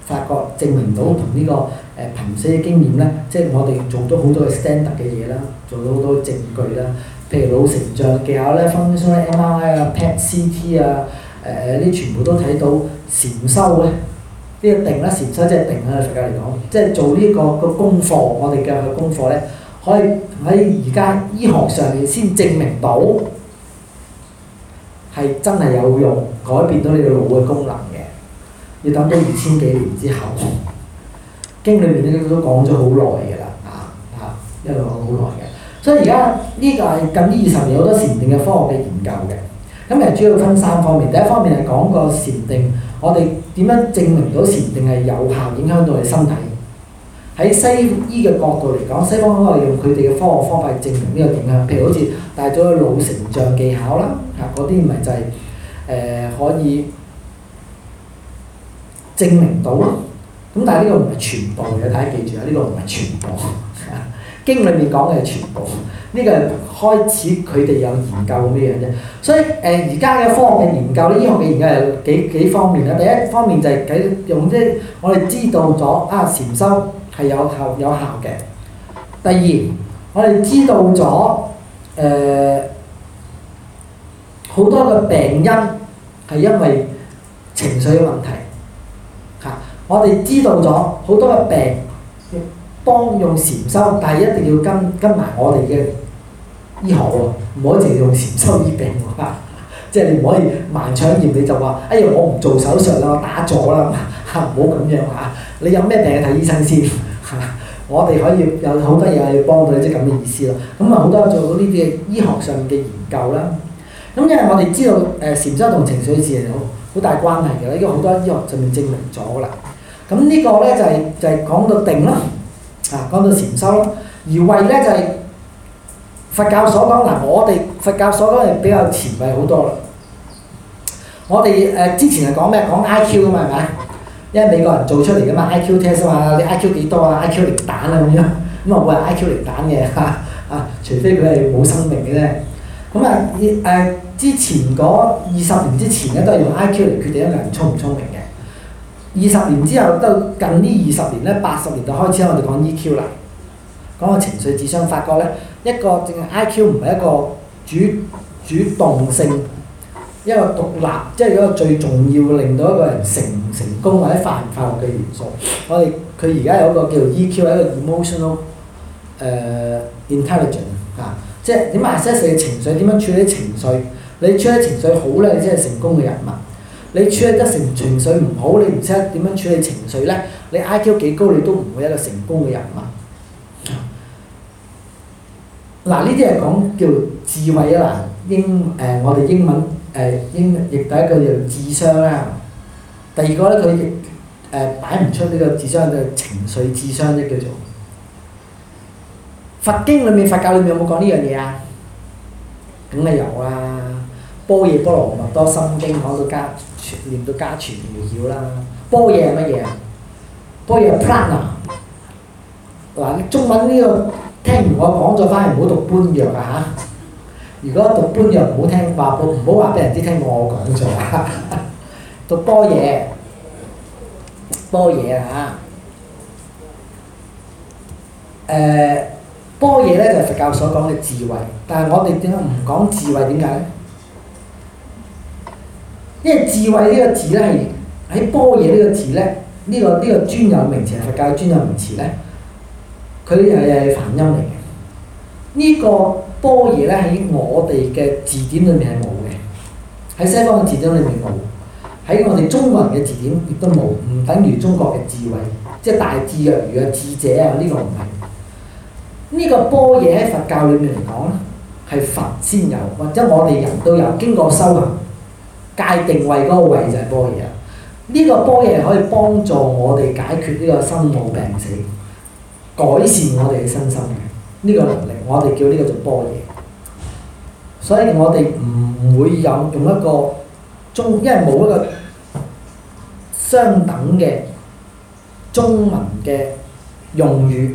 發覺證明到同呢個誒瀕死嘅經驗咧，即係我哋做咗好多嘅 standard 嘅嘢啦，做咗好多證據啦。譬如腦成像技巧咧 functional MRI 啊、PET、CT 啊。誒誒，你、全部都睇到禪修咧，呢個定咧，禪修即係、這個、定，定啊！佛教嚟講，即係做呢、這個、這個功課，我哋嘅個功課咧，可以喺而家醫學上面先證明到係真係有用，改變到你個腦嘅功能嘅。要等咗二千幾年之後，經裡面都講咗好耐嘅啦，啊啊，一路講好耐嘅。所以而家呢個係近二十年好多禪定嘅科學嘅研究嘅。咁其實主要分三方面，第一方面係講個禪定，我哋點樣證明到禪定係有效影響到你身體？喺西醫嘅角度嚟講，西方可能用佢哋嘅科學方法去證明呢個影響，譬如、嗯、好似帶咗個腦成像技巧啦，嚇嗰啲咪就係、是、誒、呃、可以證明到。咁但係呢個唔係全部嘅，大家記住啊！呢、這個唔係全部，經裏面講嘅係全部。呢個係開始佢哋有研究咩嘢啫？所以誒，而家嘅科學嘅研究呢，醫學嘅研究有幾幾方面咧。第一方面就係用，即我哋知道咗啊，禪修係有效有效嘅。第二，我哋知道咗誒好多嘅病因係因為情緒嘅問題嚇、啊。我哋知道咗好多嘅病，當用禪修，但係一定要跟跟埋我哋嘅。醫學喎，唔可以淨係用禪修醫病喎，即 係你唔可以盲腸炎，你就話：哎呀，我唔做手術啦，我打坐啦，嚇唔好咁樣嚇！ 你有咩病去睇醫生先，嚇！ 我哋可以有好多嘢係要幫到你，即係咁嘅意思咯。咁啊，好多做到呢啲嘅醫學上面嘅研究啦。咁 因為我哋知道誒禪修同情緒治療好大關係嘅，呢個好多醫學上面證明咗啦。咁 呢個咧就係、是、就係、是、講到定咯，啊講到禪修咯，而慧咧就係、是。佛教所講嗱，我哋佛教所講係比較前衞好多啦。我哋誒、呃、之前係講咩？講 I.Q. 噶嘛，係咪？因為美國人做出嚟噶嘛，I.Q. test 啊，你 I.Q. 幾多啊？I.Q. 零蛋啊咁樣，咁啊冇人 I.Q. 零蛋嘅嚇嚇，除非佢係冇生命嘅啫。咁啊，以、啊啊啊、之前嗰二十年之前咧，都係用 I.Q. 嚟決定一個人聰唔聰明嘅。二十年之後，到近呢二十年咧，八十年代開始，我哋講 E.Q. 啦，講個情緒智商，發覺咧。一個淨係 IQ 唔係一個主主動性，一個獨立，即係一個最重要令到一個人成唔成功或者快唔快樂嘅元素。我哋佢而家有一個叫 EQ，一個 emotional 誒、uh, intelligence、啊、即係點樣 assess 你情緒，點樣處理情緒？你處理情緒好咧，你先係成功嘅人物；你處理得成情緒唔好，你唔識點樣處理情緒咧，你 IQ 幾高，你都唔會一個成功嘅人物。嗱，呢啲係講叫智慧啊！嗱，英誒、呃、我哋英文誒、呃、英亦第一個叫智商啦，第二個咧佢亦誒擺唔出呢個智商嘅情緒智商啫，叫做佛經裏面、佛教裏面有冇講呢樣嘢啊？梗係有啦，《般若波羅蜜多心經》講到加念到加全妙啦，夜《般若》係乜嘢啊？《般若》係 plan 啊！嗱，中文呢、呢個。聽完我講咗翻，唔好讀般若啊嚇！如果讀般若，唔好聽話，唔好話俾人知聽我講咗 啊！讀波嘢，波嘢啊嚇！誒，波嘢咧就係佛教所講嘅智慧，但係我哋點解唔講智慧點解咧？因為智慧呢個字咧，係喺波嘢呢個字咧，呢個呢個專有名詞係佛教專有名詞咧。佢係係梵音嚟嘅，呢個般若咧喺我哋嘅字典裏面係冇嘅，喺西方嘅字典裏面冇，喺我哋中國人嘅字典亦都冇，唔等於中國嘅智慧，即係大智若愚啊、智者啊，呢個唔係。呢個般若喺佛教裏面嚟講咧，係佛先有，或者我哋人都有，經過修行界定位嗰個位就係般若。呢個般若可以幫助我哋解決呢個生老病死。改善我哋嘅身心嘅呢、這個能力，我哋叫呢個做般若。所以我哋唔會有用一個中，因為冇一個相等嘅中文嘅用語，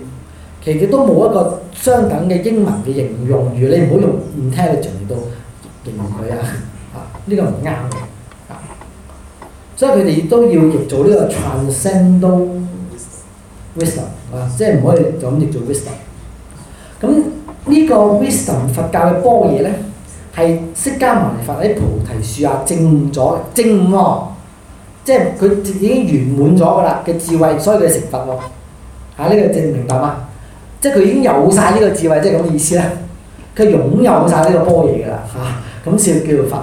其實都冇一個相等嘅英文嘅形容語。你唔好用 intelligent 嚟到形容佢啊！啊，呢、這個唔啱嘅。所以佢哋都要做呢個 transcendental wisdom。啊！即係唔可以就咁譯做 Wisdom。咁、啊、呢、這個 Wisdom 佛教嘅般若咧，係釋迦牟尼佛喺菩提樹下證咗證悟，即係佢已經圓滿咗㗎啦嘅智慧，所以佢成佛喎。嚇、啊！呢、這個正明白嘛？即係佢已經有晒呢個智慧，即係咁嘅意思咧。佢擁有晒呢個般若㗎啦。嚇、啊！咁先叫做佛。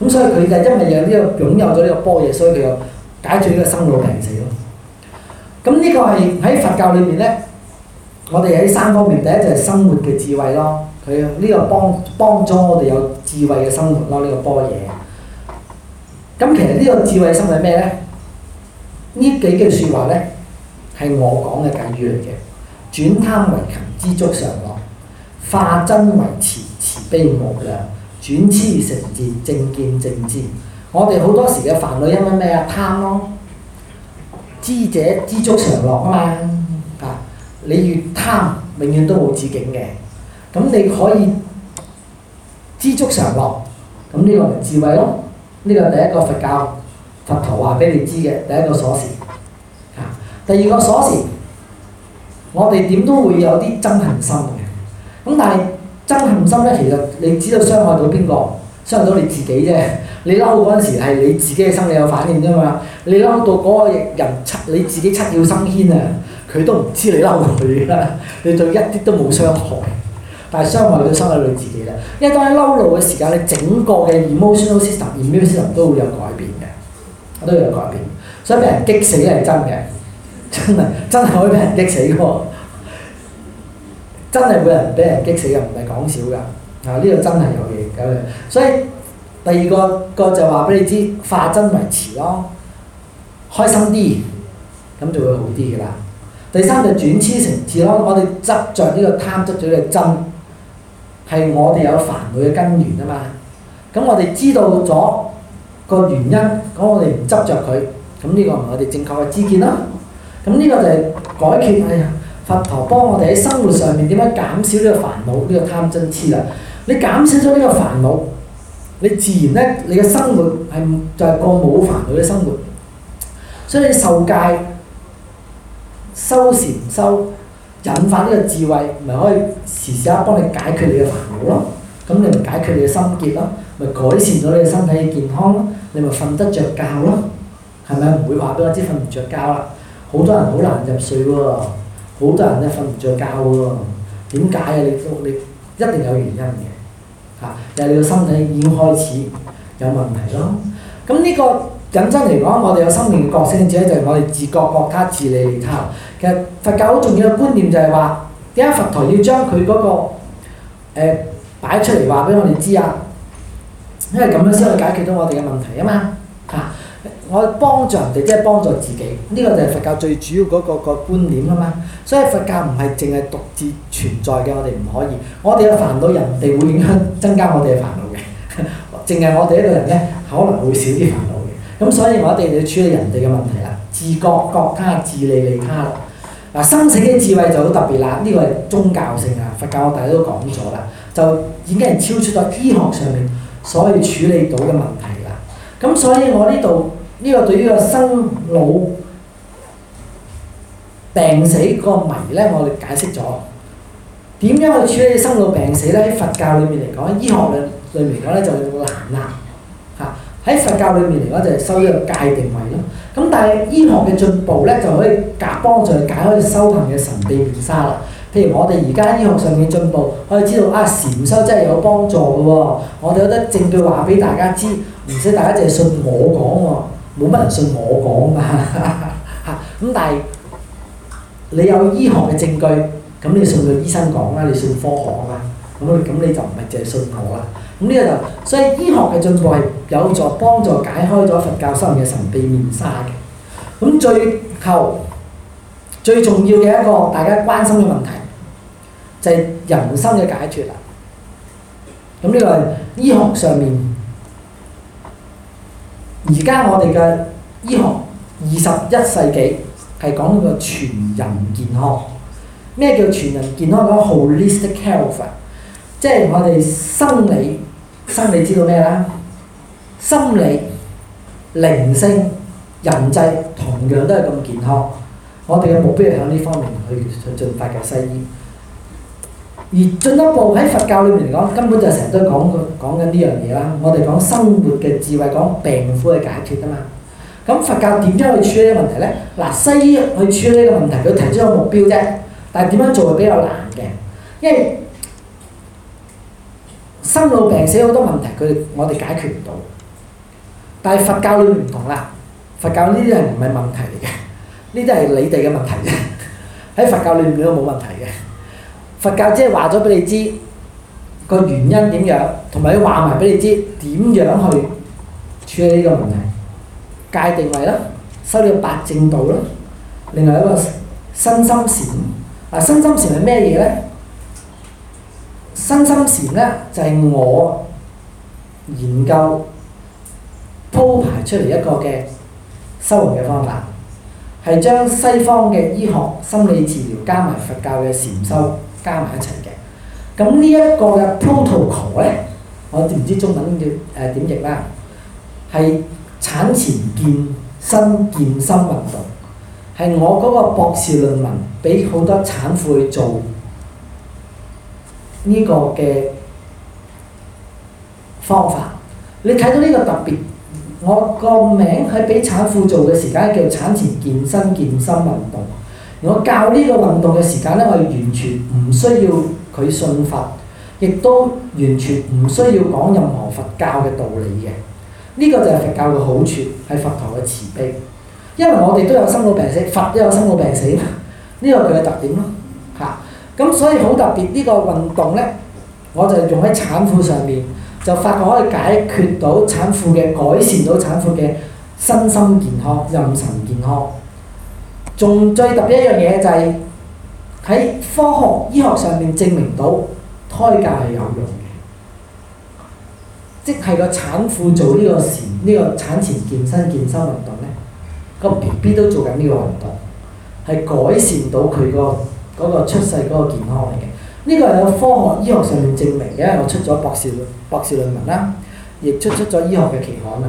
咁、啊、所以佢就因為有呢、這個擁有咗呢個般若，所以佢又解決呢個生老病死咯。咁呢個係喺佛教裏邊咧，我哋喺三方面，第一就係生活嘅智慧咯。佢、這、呢個幫幫助我哋有智慧嘅生活咯。呢、這個般若。咁其實呢個智慧生活係咩咧？呢幾句説話咧係我講嘅偈語嚟嘅。「轉貪為勤，知足常樂；化瞋為慈，慈悲無量；轉痴成智，正見正知。」我哋好多時嘅煩惱，因為咩啊？貪咯。知者知足常樂啊嘛，啊你越貪，永遠都冇止境嘅。咁你可以知足常樂，咁呢個係智慧咯。呢個係第一個佛教佛陀話俾你知嘅第一個鎖匙。啊，第二個鎖匙，我哋點都會有啲憎恨心嘅。咁但係憎恨心咧，其實你知道傷害到邊個？傷到你自己啫！你嬲嗰陣時係你自己嘅心理有反應啫嘛！你嬲到嗰個人出你自己七竅生煙啊！佢都唔知你嬲佢噶，你對一啲都冇傷害，但係傷害到傷害到你自己啦！因為當你嬲怒嘅時間，你整個嘅 emotional system、emotional system 都會有改變嘅，都有改變，所以俾人激死係真嘅，真係真係可以俾人激死個，真係會有人俾人激死又唔係講笑㗎啊！呢個真係有嘢。所以第二個個就話俾你知，化真為慈咯，開心啲，咁就會好啲嘅啦。第三就轉痴成智咯，我哋執着呢個貪執咗嘅真，係我哋有煩惱嘅根源啊嘛。咁我哋知道咗個原因，咁我哋唔執着佢，咁呢個係我哋正確嘅知見啦。咁呢個就係解決哎呀，佛陀幫我哋喺生活上面點樣減少呢個煩惱，呢個貪真痴啦、啊。你減少咗呢個煩惱，你自然咧，你嘅生活係就係個冇煩惱嘅生活。所以受戒、修禪、修，引發呢個智慧，咪可以時時刻刻幫你解決你嘅煩惱咯。咁你唔解決你嘅心結咯，咪改善咗你嘅身體嘅健康咯，你咪瞓得着覺咯，係咪？唔會話俾我知瞓唔着覺啦。好多人好難入睡喎，好多人咧瞓唔着覺喎。點解啊？你你一定有原因嘅。嚇！又你個心理已經開始有問題咯。咁呢、這個緊張嚟講，我哋有生命嘅角色就係我哋自覺覺他，自利利他。其實佛教好重要嘅觀念就係話，點解佛陀要將佢嗰個誒擺、呃、出嚟話俾我哋知啊？因為咁樣先可以解決到我哋嘅問題啊嘛。我幫助人哋，即係幫助自己。呢、這個就係佛教最主要嗰個個觀念啦嘛。所以佛教唔係淨係獨自存在嘅，我哋唔可以。我哋嘅煩惱人哋會影響增加我哋嘅煩惱嘅？淨 係我哋一個人咧，可能會少啲煩惱嘅。咁所以我哋要處理人哋嘅問題啦，自覺覺他，自利利他啦。嗱，生死嘅智慧就好特別啦。呢、這個係宗教性啊，佛教我哋都講咗啦，就已經係超出咗醫學上面所以處理到嘅問題啦。咁所以我呢度。呢個對於呢個生老病死個迷咧，我哋解釋咗點樣去處理生老病死咧？喺佛教裏面嚟講，醫學裏裏面講咧就難啦嚇。喺佛教裏面嚟講就係收一個界定為咯。咁但係醫學嘅進步咧就可以夾幫助解開修行嘅神秘面紗啦。譬如我哋而家醫學上面進步，可以知道啊，禪修真係有幫助嘅喎、哦。我哋有得證據話俾大家知，唔使大家淨係信我講喎、哦。冇乜人信我講嘛，咁 但係你有醫學嘅證據，咁你信個醫生講啦，你信科學嘛，咁咁你就唔係淨係信我啦。咁呢個就係、所以醫學嘅進步係有助幫助解開咗佛教心嘅神秘面紗嘅。咁最後最重要嘅一個大家關心嘅問題就係、係、人生嘅解決啦。咁呢個係醫學上面。而家我哋嘅醫學二十一世紀係講個全人健康，咩叫全人健康？講 Holistic Health，即係我哋心理，心理知道咩啦？心理、靈性、人際，同樣都係咁健康。我哋嘅目標係向呢方面去去進發嘅西醫。而進一步喺佛教裏面嚟講，根本就係成日都講講緊呢樣嘢啦。我哋講生活嘅智慧，講病苦嘅解決啊嘛。咁佛教點樣去處理呢個問題呢？嗱，西醫去處理呢個問題，佢提出個目標啫。但係點樣做係比較難嘅，因為生老病死好多問題，佢哋我哋解決唔到。但係佛教裏面唔同啦，佛教呢啲係唔係問題嚟嘅？呢啲係你哋嘅問題啫。喺佛教裏面都冇問題嘅。佛教即係話咗俾你知個原因點樣，同埋你話埋俾你知點樣去處理呢個問題。界定位啦，修了八正道啦，另外一個身心禪。嗱，身心禪係咩嘢咧？身心禪咧就係我研究鋪排出嚟一個嘅修行嘅方法，係將西方嘅醫學、心理治療加埋佛教嘅禪修。加埋一齊嘅，咁呢一個嘅 protocol 咧，我唔知中文叫誒點譯啦，係產前健身健身運動，係我嗰個博士論文俾好多產婦去做呢個嘅方法。你睇到呢個特別，我個名係俾產婦做嘅時間叫產前健身健身運動。我教呢個運動嘅時間呢，我係完全唔需要佢信佛，亦都完全唔需要講任何佛教嘅道理嘅。呢個就係佛教嘅好處，係佛陀嘅慈悲。因為我哋都有生老病死，佛都有生老病死，呢個佢嘅特點咯，嚇。咁所以好特別呢個運動呢，我就用喺產婦上面，就發覺可以解決到產婦嘅改善到產婦嘅身心健康、妊娠健康。仲最特別一樣嘢就係喺科學醫學上面證明到胎教係有用嘅，即係個產婦做呢個前呢個產前健身健身運動咧，個 B B 都做緊呢個運動，係改善到佢個嗰個出世嗰個健康嚟嘅。呢個係有科學醫學上面證明嘅，我出咗博士博士論文啦，亦出出咗醫學嘅期刊啦。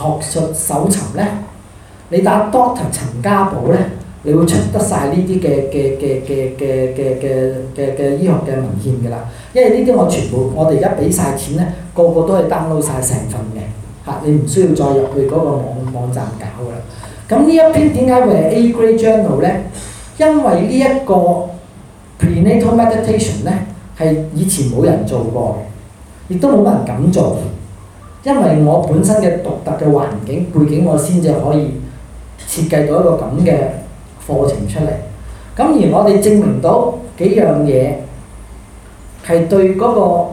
學術搜尋咧，你打 Doctor 陳家寶咧，你會出得晒呢啲嘅嘅嘅嘅嘅嘅嘅嘅嘅醫學嘅文獻㗎啦。因為呢啲我全部我哋而家俾晒錢咧，個個都係 download 晒成份嘅嚇、啊，你唔需要再入去嗰個網、網站搞㗎啦。咁呢一篇點解會係 A grade journal 咧？因為呢一個 prenatal meditation 咧係以前冇人做過，亦都冇人敢做。因為我本身嘅獨特嘅環境背景，我先至可以設計到一個咁嘅課程出嚟。咁而我哋證明到幾樣嘢係對嗰個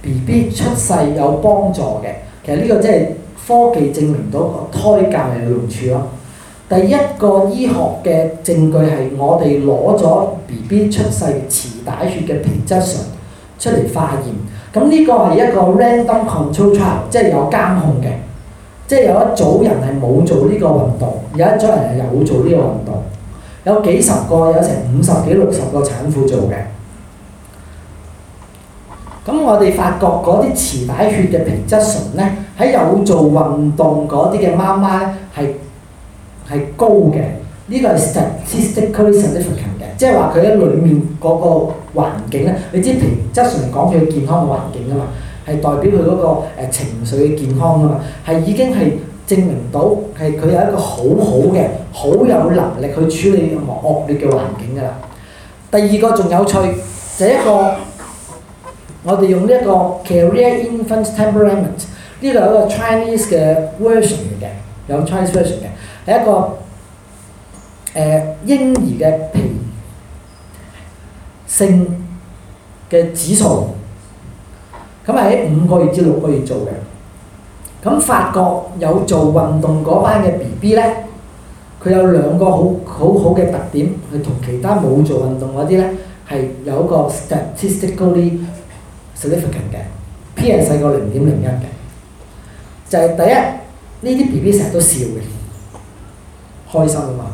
B B 出世有幫助嘅。其實呢個即係科技證明到個胎教嘅用處咯。第一個醫學嘅證據係我哋攞咗 B B 出世臍帶血嘅皮質醇出嚟化驗。咁呢個係一個 random control trial，即係有監控嘅，即係有一組人係冇做呢個運動，有一組人係有做呢個運動，有幾十個，有成五十幾六十個產婦做嘅。咁我哋發覺嗰啲臍帶血嘅皮質醇咧，喺有做運動嗰啲嘅媽媽咧係係高嘅，呢、這個係 statistically 上嘅發現。即係話佢喺裡面嗰個環境咧，你知平質上講，佢健康嘅環境啊嘛，係代表佢嗰、嗰個、呃、情緒嘅健康啊嘛，係已經係證明到係佢有一個好好嘅、好有能力去處理惡劣嘅環境噶啦。第二個仲有趣，就係、一個我哋用呢、er、一個 career infant temperament 呢度有個 Chinese 嘅 version 嚟嘅，有 Chinese version 嘅係一個誒、呃、嬰兒嘅。性嘅指數，咁係喺五個月至六個月做嘅。咁法國有做運動嗰班嘅 B B 咧，佢有兩個好好好嘅特點，係同其他冇做運動嗰啲咧係有一個 statistically significant 嘅 P 係細過零點零一嘅。就係、是、第一呢啲 B B 成日都笑嘅，開心啊嘛，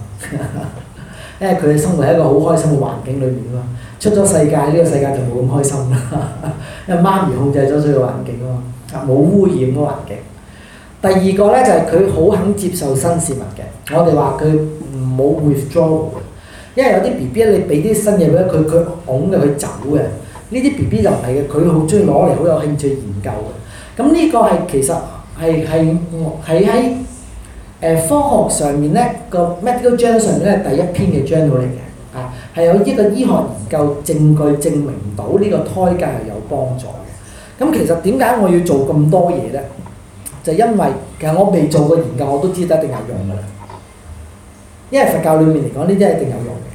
因為佢哋生活喺一個好開心嘅環境裏面啊嘛。出咗世界呢，這個世界就冇咁開心啦， 因為媽咪控制咗佢個環境啊，冇污染個環境。第二個咧就係佢好肯接受新事物嘅，我哋話佢冇 withdrawal 嘅，因為有啲 B B 你俾啲新嘢俾佢，佢拱就去走嘅。呢啲 B B 就唔係嘅，佢好中意攞嚟，好有興趣研究嘅。咁呢個係其實係係係喺誒科學上面咧，個 medical journal 上面咧，第一篇嘅 journal 嚟嘅。係有呢個醫學研究證據證明到呢個胎教係有幫助嘅。咁其實點解我要做咁多嘢咧？就因為其實我未做過研究，我都知得一定有用嘅喇。因為佛教裏面嚟講，呢啲係一定有用嘅。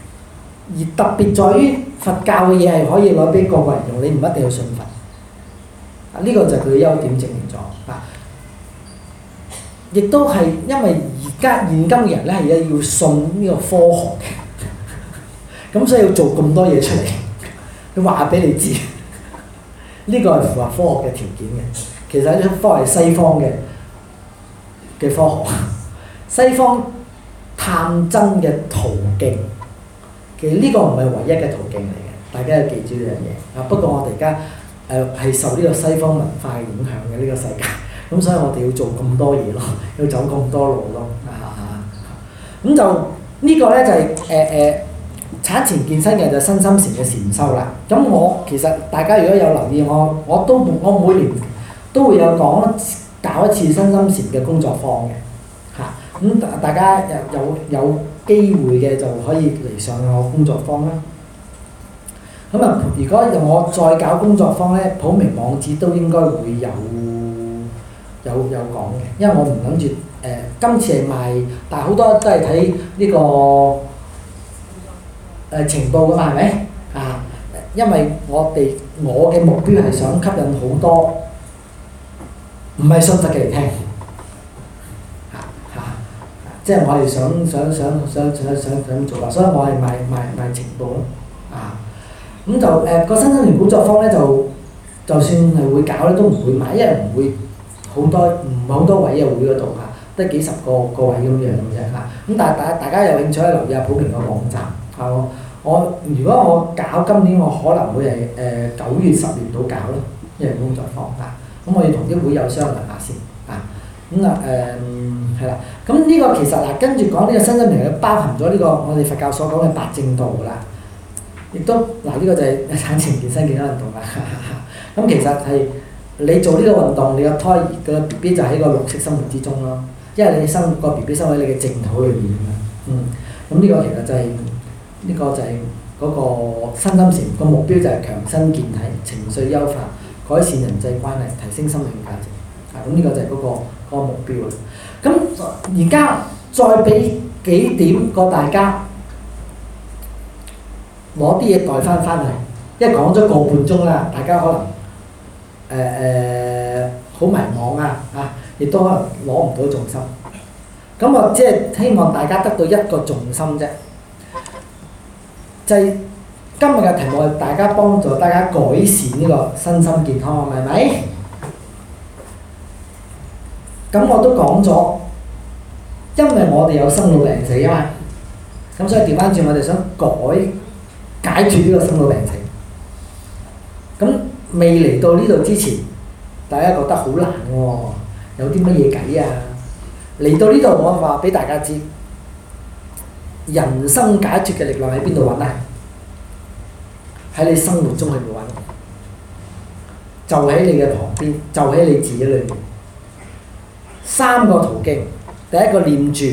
而特別在於佛教嘅嘢係可以攞俾個個人用，你唔一定要信佛。啊，呢個就係佢嘅優點證明咗啊。亦都係因為而家現今嘅人咧係咧要信呢個科學嘅。咁所以要做咁多嘢出嚟，佢話俾你知，呢個係符合科學嘅條件嘅。其實呢科係西方嘅嘅科學，西方探真嘅途徑。其實呢個唔係唯一嘅途徑嚟嘅，大家要記住呢樣嘢。啊，不過我哋而家誒係受呢個西方文化影響嘅呢個世界，咁所以我哋要做咁多嘢咯，要走咁多路咯。咁、啊、就、這個、呢個咧就係誒誒。呃呃產前健身嘅就身心禪嘅禪修啦。咁我其實大家如果有留意我，我都我每年都會有講搞一次身心禪嘅工作坊嘅嚇。咁、啊嗯、大家有有有機會嘅就可以嚟上我工作坊啦。咁啊，如果我再搞工作坊呢，普明網址都應該會有有有講嘅，因為我唔諗住誒今次係賣，但係好多都係睇呢個。誒情報㗎嘛係咪啊？因為我哋我嘅目標係想吸引好多，唔係信實嘅嚟聽吓，即係我哋想想想想想想想做啦，所以我係賣賣賣情報咯啊！咁就誒個新生聯工作坊咧，就就算係會搞咧，都唔會買，因為唔會好多唔係好多位啊，會嗰度嚇，得幾十個個位咁樣嘅啫嚇。咁但係大大家有興趣可以留意下普平嘅網站。係喎，我如果我搞今年，我可能會係誒九月，月、十月度搞咯，呢樣工作方法。咁我要同啲會友商量下先啊。咁啊誒，係、嗯嗯、啦。咁、嗯、呢、這個其實嗱，跟住講呢個身心平，包含咗呢個我哋佛教所講嘅八正道啦。亦都嗱，呢個就係、是、產前健身健康運動啦。咁其實係你做呢個運動，你胎、那個胎兒個 B B 就喺個綠色生活之中咯，因為你生、那個 B B 生喺你嘅淨土裏面啊。嗯，咁呢個其實就係、是。呢個就係嗰個身心事，個目標就係強身健體、情緒優化、改善人際關係、提升心理價值。啊，咁、這、呢個就係嗰、那個那個目標啦。咁而家再俾幾點個大家攞啲嘢帶翻翻嚟，一講咗個半鐘啦，大家可能誒誒好迷惘啊！啊，亦都可能攞唔到重心。咁我即係希望大家得到一個重心啫。今日嘅題目係大家幫助大家改善呢個身心健康，係咪？咁我都講咗，因為我哋有生老病死啊嘛，咁所以調返轉我哋想改解決呢個生老病死。咁未嚟到呢度之前，大家覺得好難喎、哦，有啲乜嘢計啊？嚟到呢度我話俾大家知。人生解決嘅力量喺邊度揾？喺你生活中去揾，就喺你嘅旁邊，就喺你自己裏面。三個途徑，第一個念住，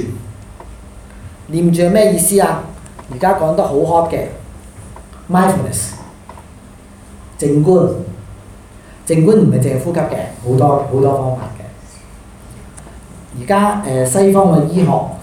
念住係咩意思啊？而家講得好 hot 嘅 mindfulness，靜觀，靜觀唔係淨係呼吸嘅，好多好多方法嘅。而家誒西方嘅醫學。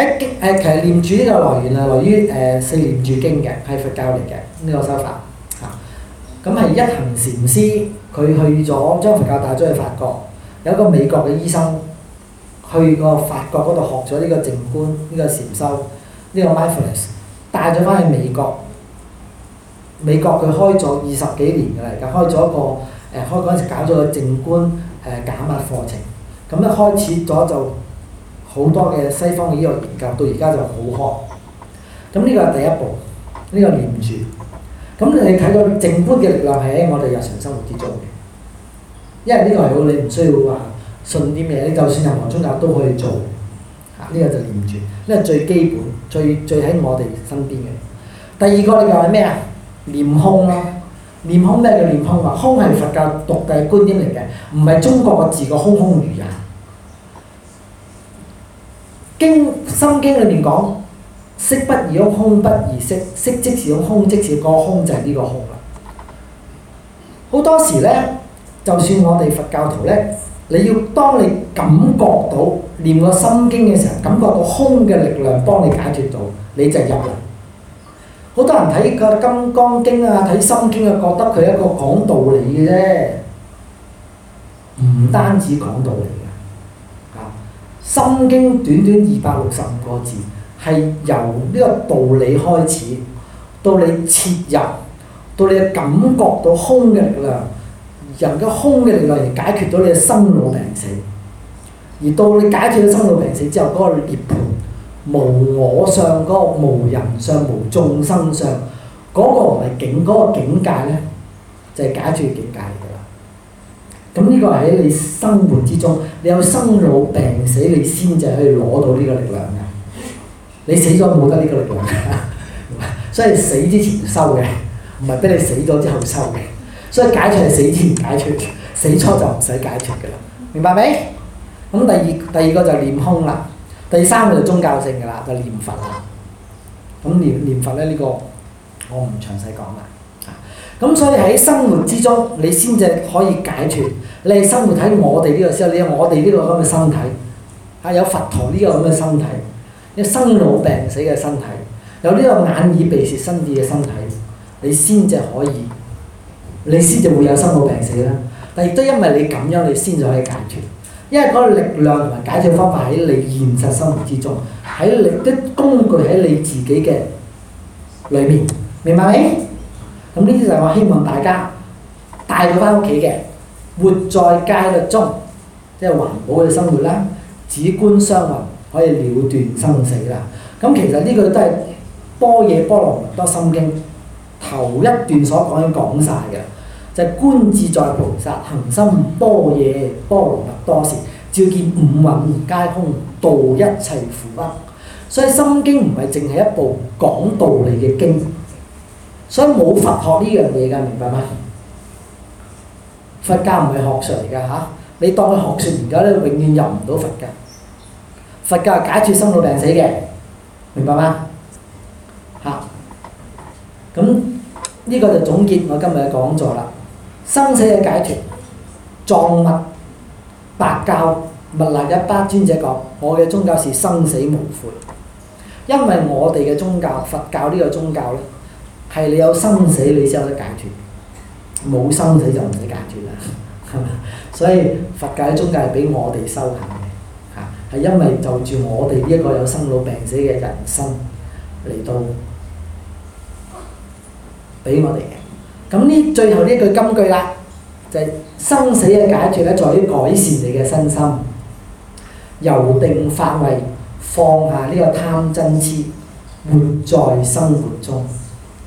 誒，其實念住呢個來源來於、呃來這個、啊，來於誒四念住經嘅，係佛教嚟嘅呢個修法吓。咁係一行禪師，佢去咗將佛教帶咗去法國，有一個美國嘅醫生去個法國嗰度學咗呢個靜觀，呢、這個禪修，呢、這個 mindfulness，帶咗翻去美國。美國佢開咗二十幾年嘅嚟噶，開咗一個誒、呃，開嗰陣時搞咗個靜觀誒減壓課程，咁一開始咗就。好多嘅西方嘅醫學研究到而家就好學，咁呢個係第一步，呢、這個念住。咁你睇到正觀嘅力量係喺我哋日常生活之中嘅，因為呢個係你唔需要話信啲咩，你就算任何宗教都可以做，嚇、這、呢個就念住，呢個著最基本、最最喺我哋身邊嘅。第二個你又係咩啊？念空咯。念空，咩叫念空啊？空係佛教獨大觀點嚟嘅，唔係中國個字個空空如也。經《心經》裏面講：色不異空，空不異色，色即是空，空即是個空，就係呢個空啦。好多時咧，就算我哋佛教徒咧，你要當你感覺到念個《心經》嘅時候，感覺到空嘅力量幫你解決到，你就入嚟。好多人睇個《金剛經》啊，睇《心經》啊，覺得佢係一個講道理嘅啫，唔單止講道理嘅，啊。心經短短二百六十五個字，係由呢個道理開始，到你切入，到你感覺到空嘅力量，由嘅空嘅力量而解決到你嘅生老病死。而到你解決咗生老病死之後，嗰、那個涅槃無我相、嗰、那個無人相、無眾生相，嗰、那個唔係境，嗰、那個境界咧，就係、是、解決嘅境界。咁呢個係喺你生活之中，你有生老病死，你先至可以攞到呢個力量嘅。你死咗冇得呢個力量。 所以死之前收嘅，唔係俾你死咗之後收嘅。 所以解脫係死之前解脫，死初就唔使解脫嘅，明白未？咁第二第二個就念空啦，第三個就宗教性嘅啦，就是、念佛啦。咁念念佛咧呢、呢個我詳細講，我唔詳細講啦。咁所以喺生活之中，你先至可以解脫。你係生活喺我哋呢個時候，你有我哋呢個咁嘅身體，係有佛陀呢個咁嘅身體，有生老病死嘅身體，有呢個眼耳鼻舌身意嘅身體，你先至可以，你先至會有生老病死啦。但亦都因為你咁樣，你先至可以解脫。因為嗰個力量同埋解脫方法喺你現實生活之中，喺你的工具喺你自己嘅裏面，明白未？咁呢啲就係我希望大家帶佢翻屋企嘅，活在戒律中，即係環保嘅生活啦。止觀雙運可以了斷生死啦。咁其實呢句都係《般若波羅蜜多心經》頭一段所講嘅講曬嘅，就係、是、觀自在菩薩行深般若波羅蜜多時，照見五蘊皆空，度一切苦厄。所以《心經》唔係淨係一部講道理嘅經。所以冇佛學呢樣嘢㗎，明白嗎？佛教唔係學術嚟㗎嚇，你當佢學術而家咧，永遠入唔到佛噶。佛教係解決生老病死嘅，明白嗎？嚇、啊，咁呢、呢個就總結我今日嘅講座啦。生死嘅解脫，藏密，白教、密壇一班尊者講，我嘅宗教是生死無悔，因為我哋嘅宗教佛教呢個宗教咧。係你有生死，你先有得解決；冇生死就唔使解決啦，係嘛？所以佛教啲宗教係俾我哋修行嘅嚇，係因為就住我哋呢一個有生老病死嘅人生嚟到俾我哋嘅。咁呢最後呢一句金句啦，就係、是、生死嘅解決咧，在於改善你嘅身心，由定發慧，放下呢個貪嗔痴，活在生活中。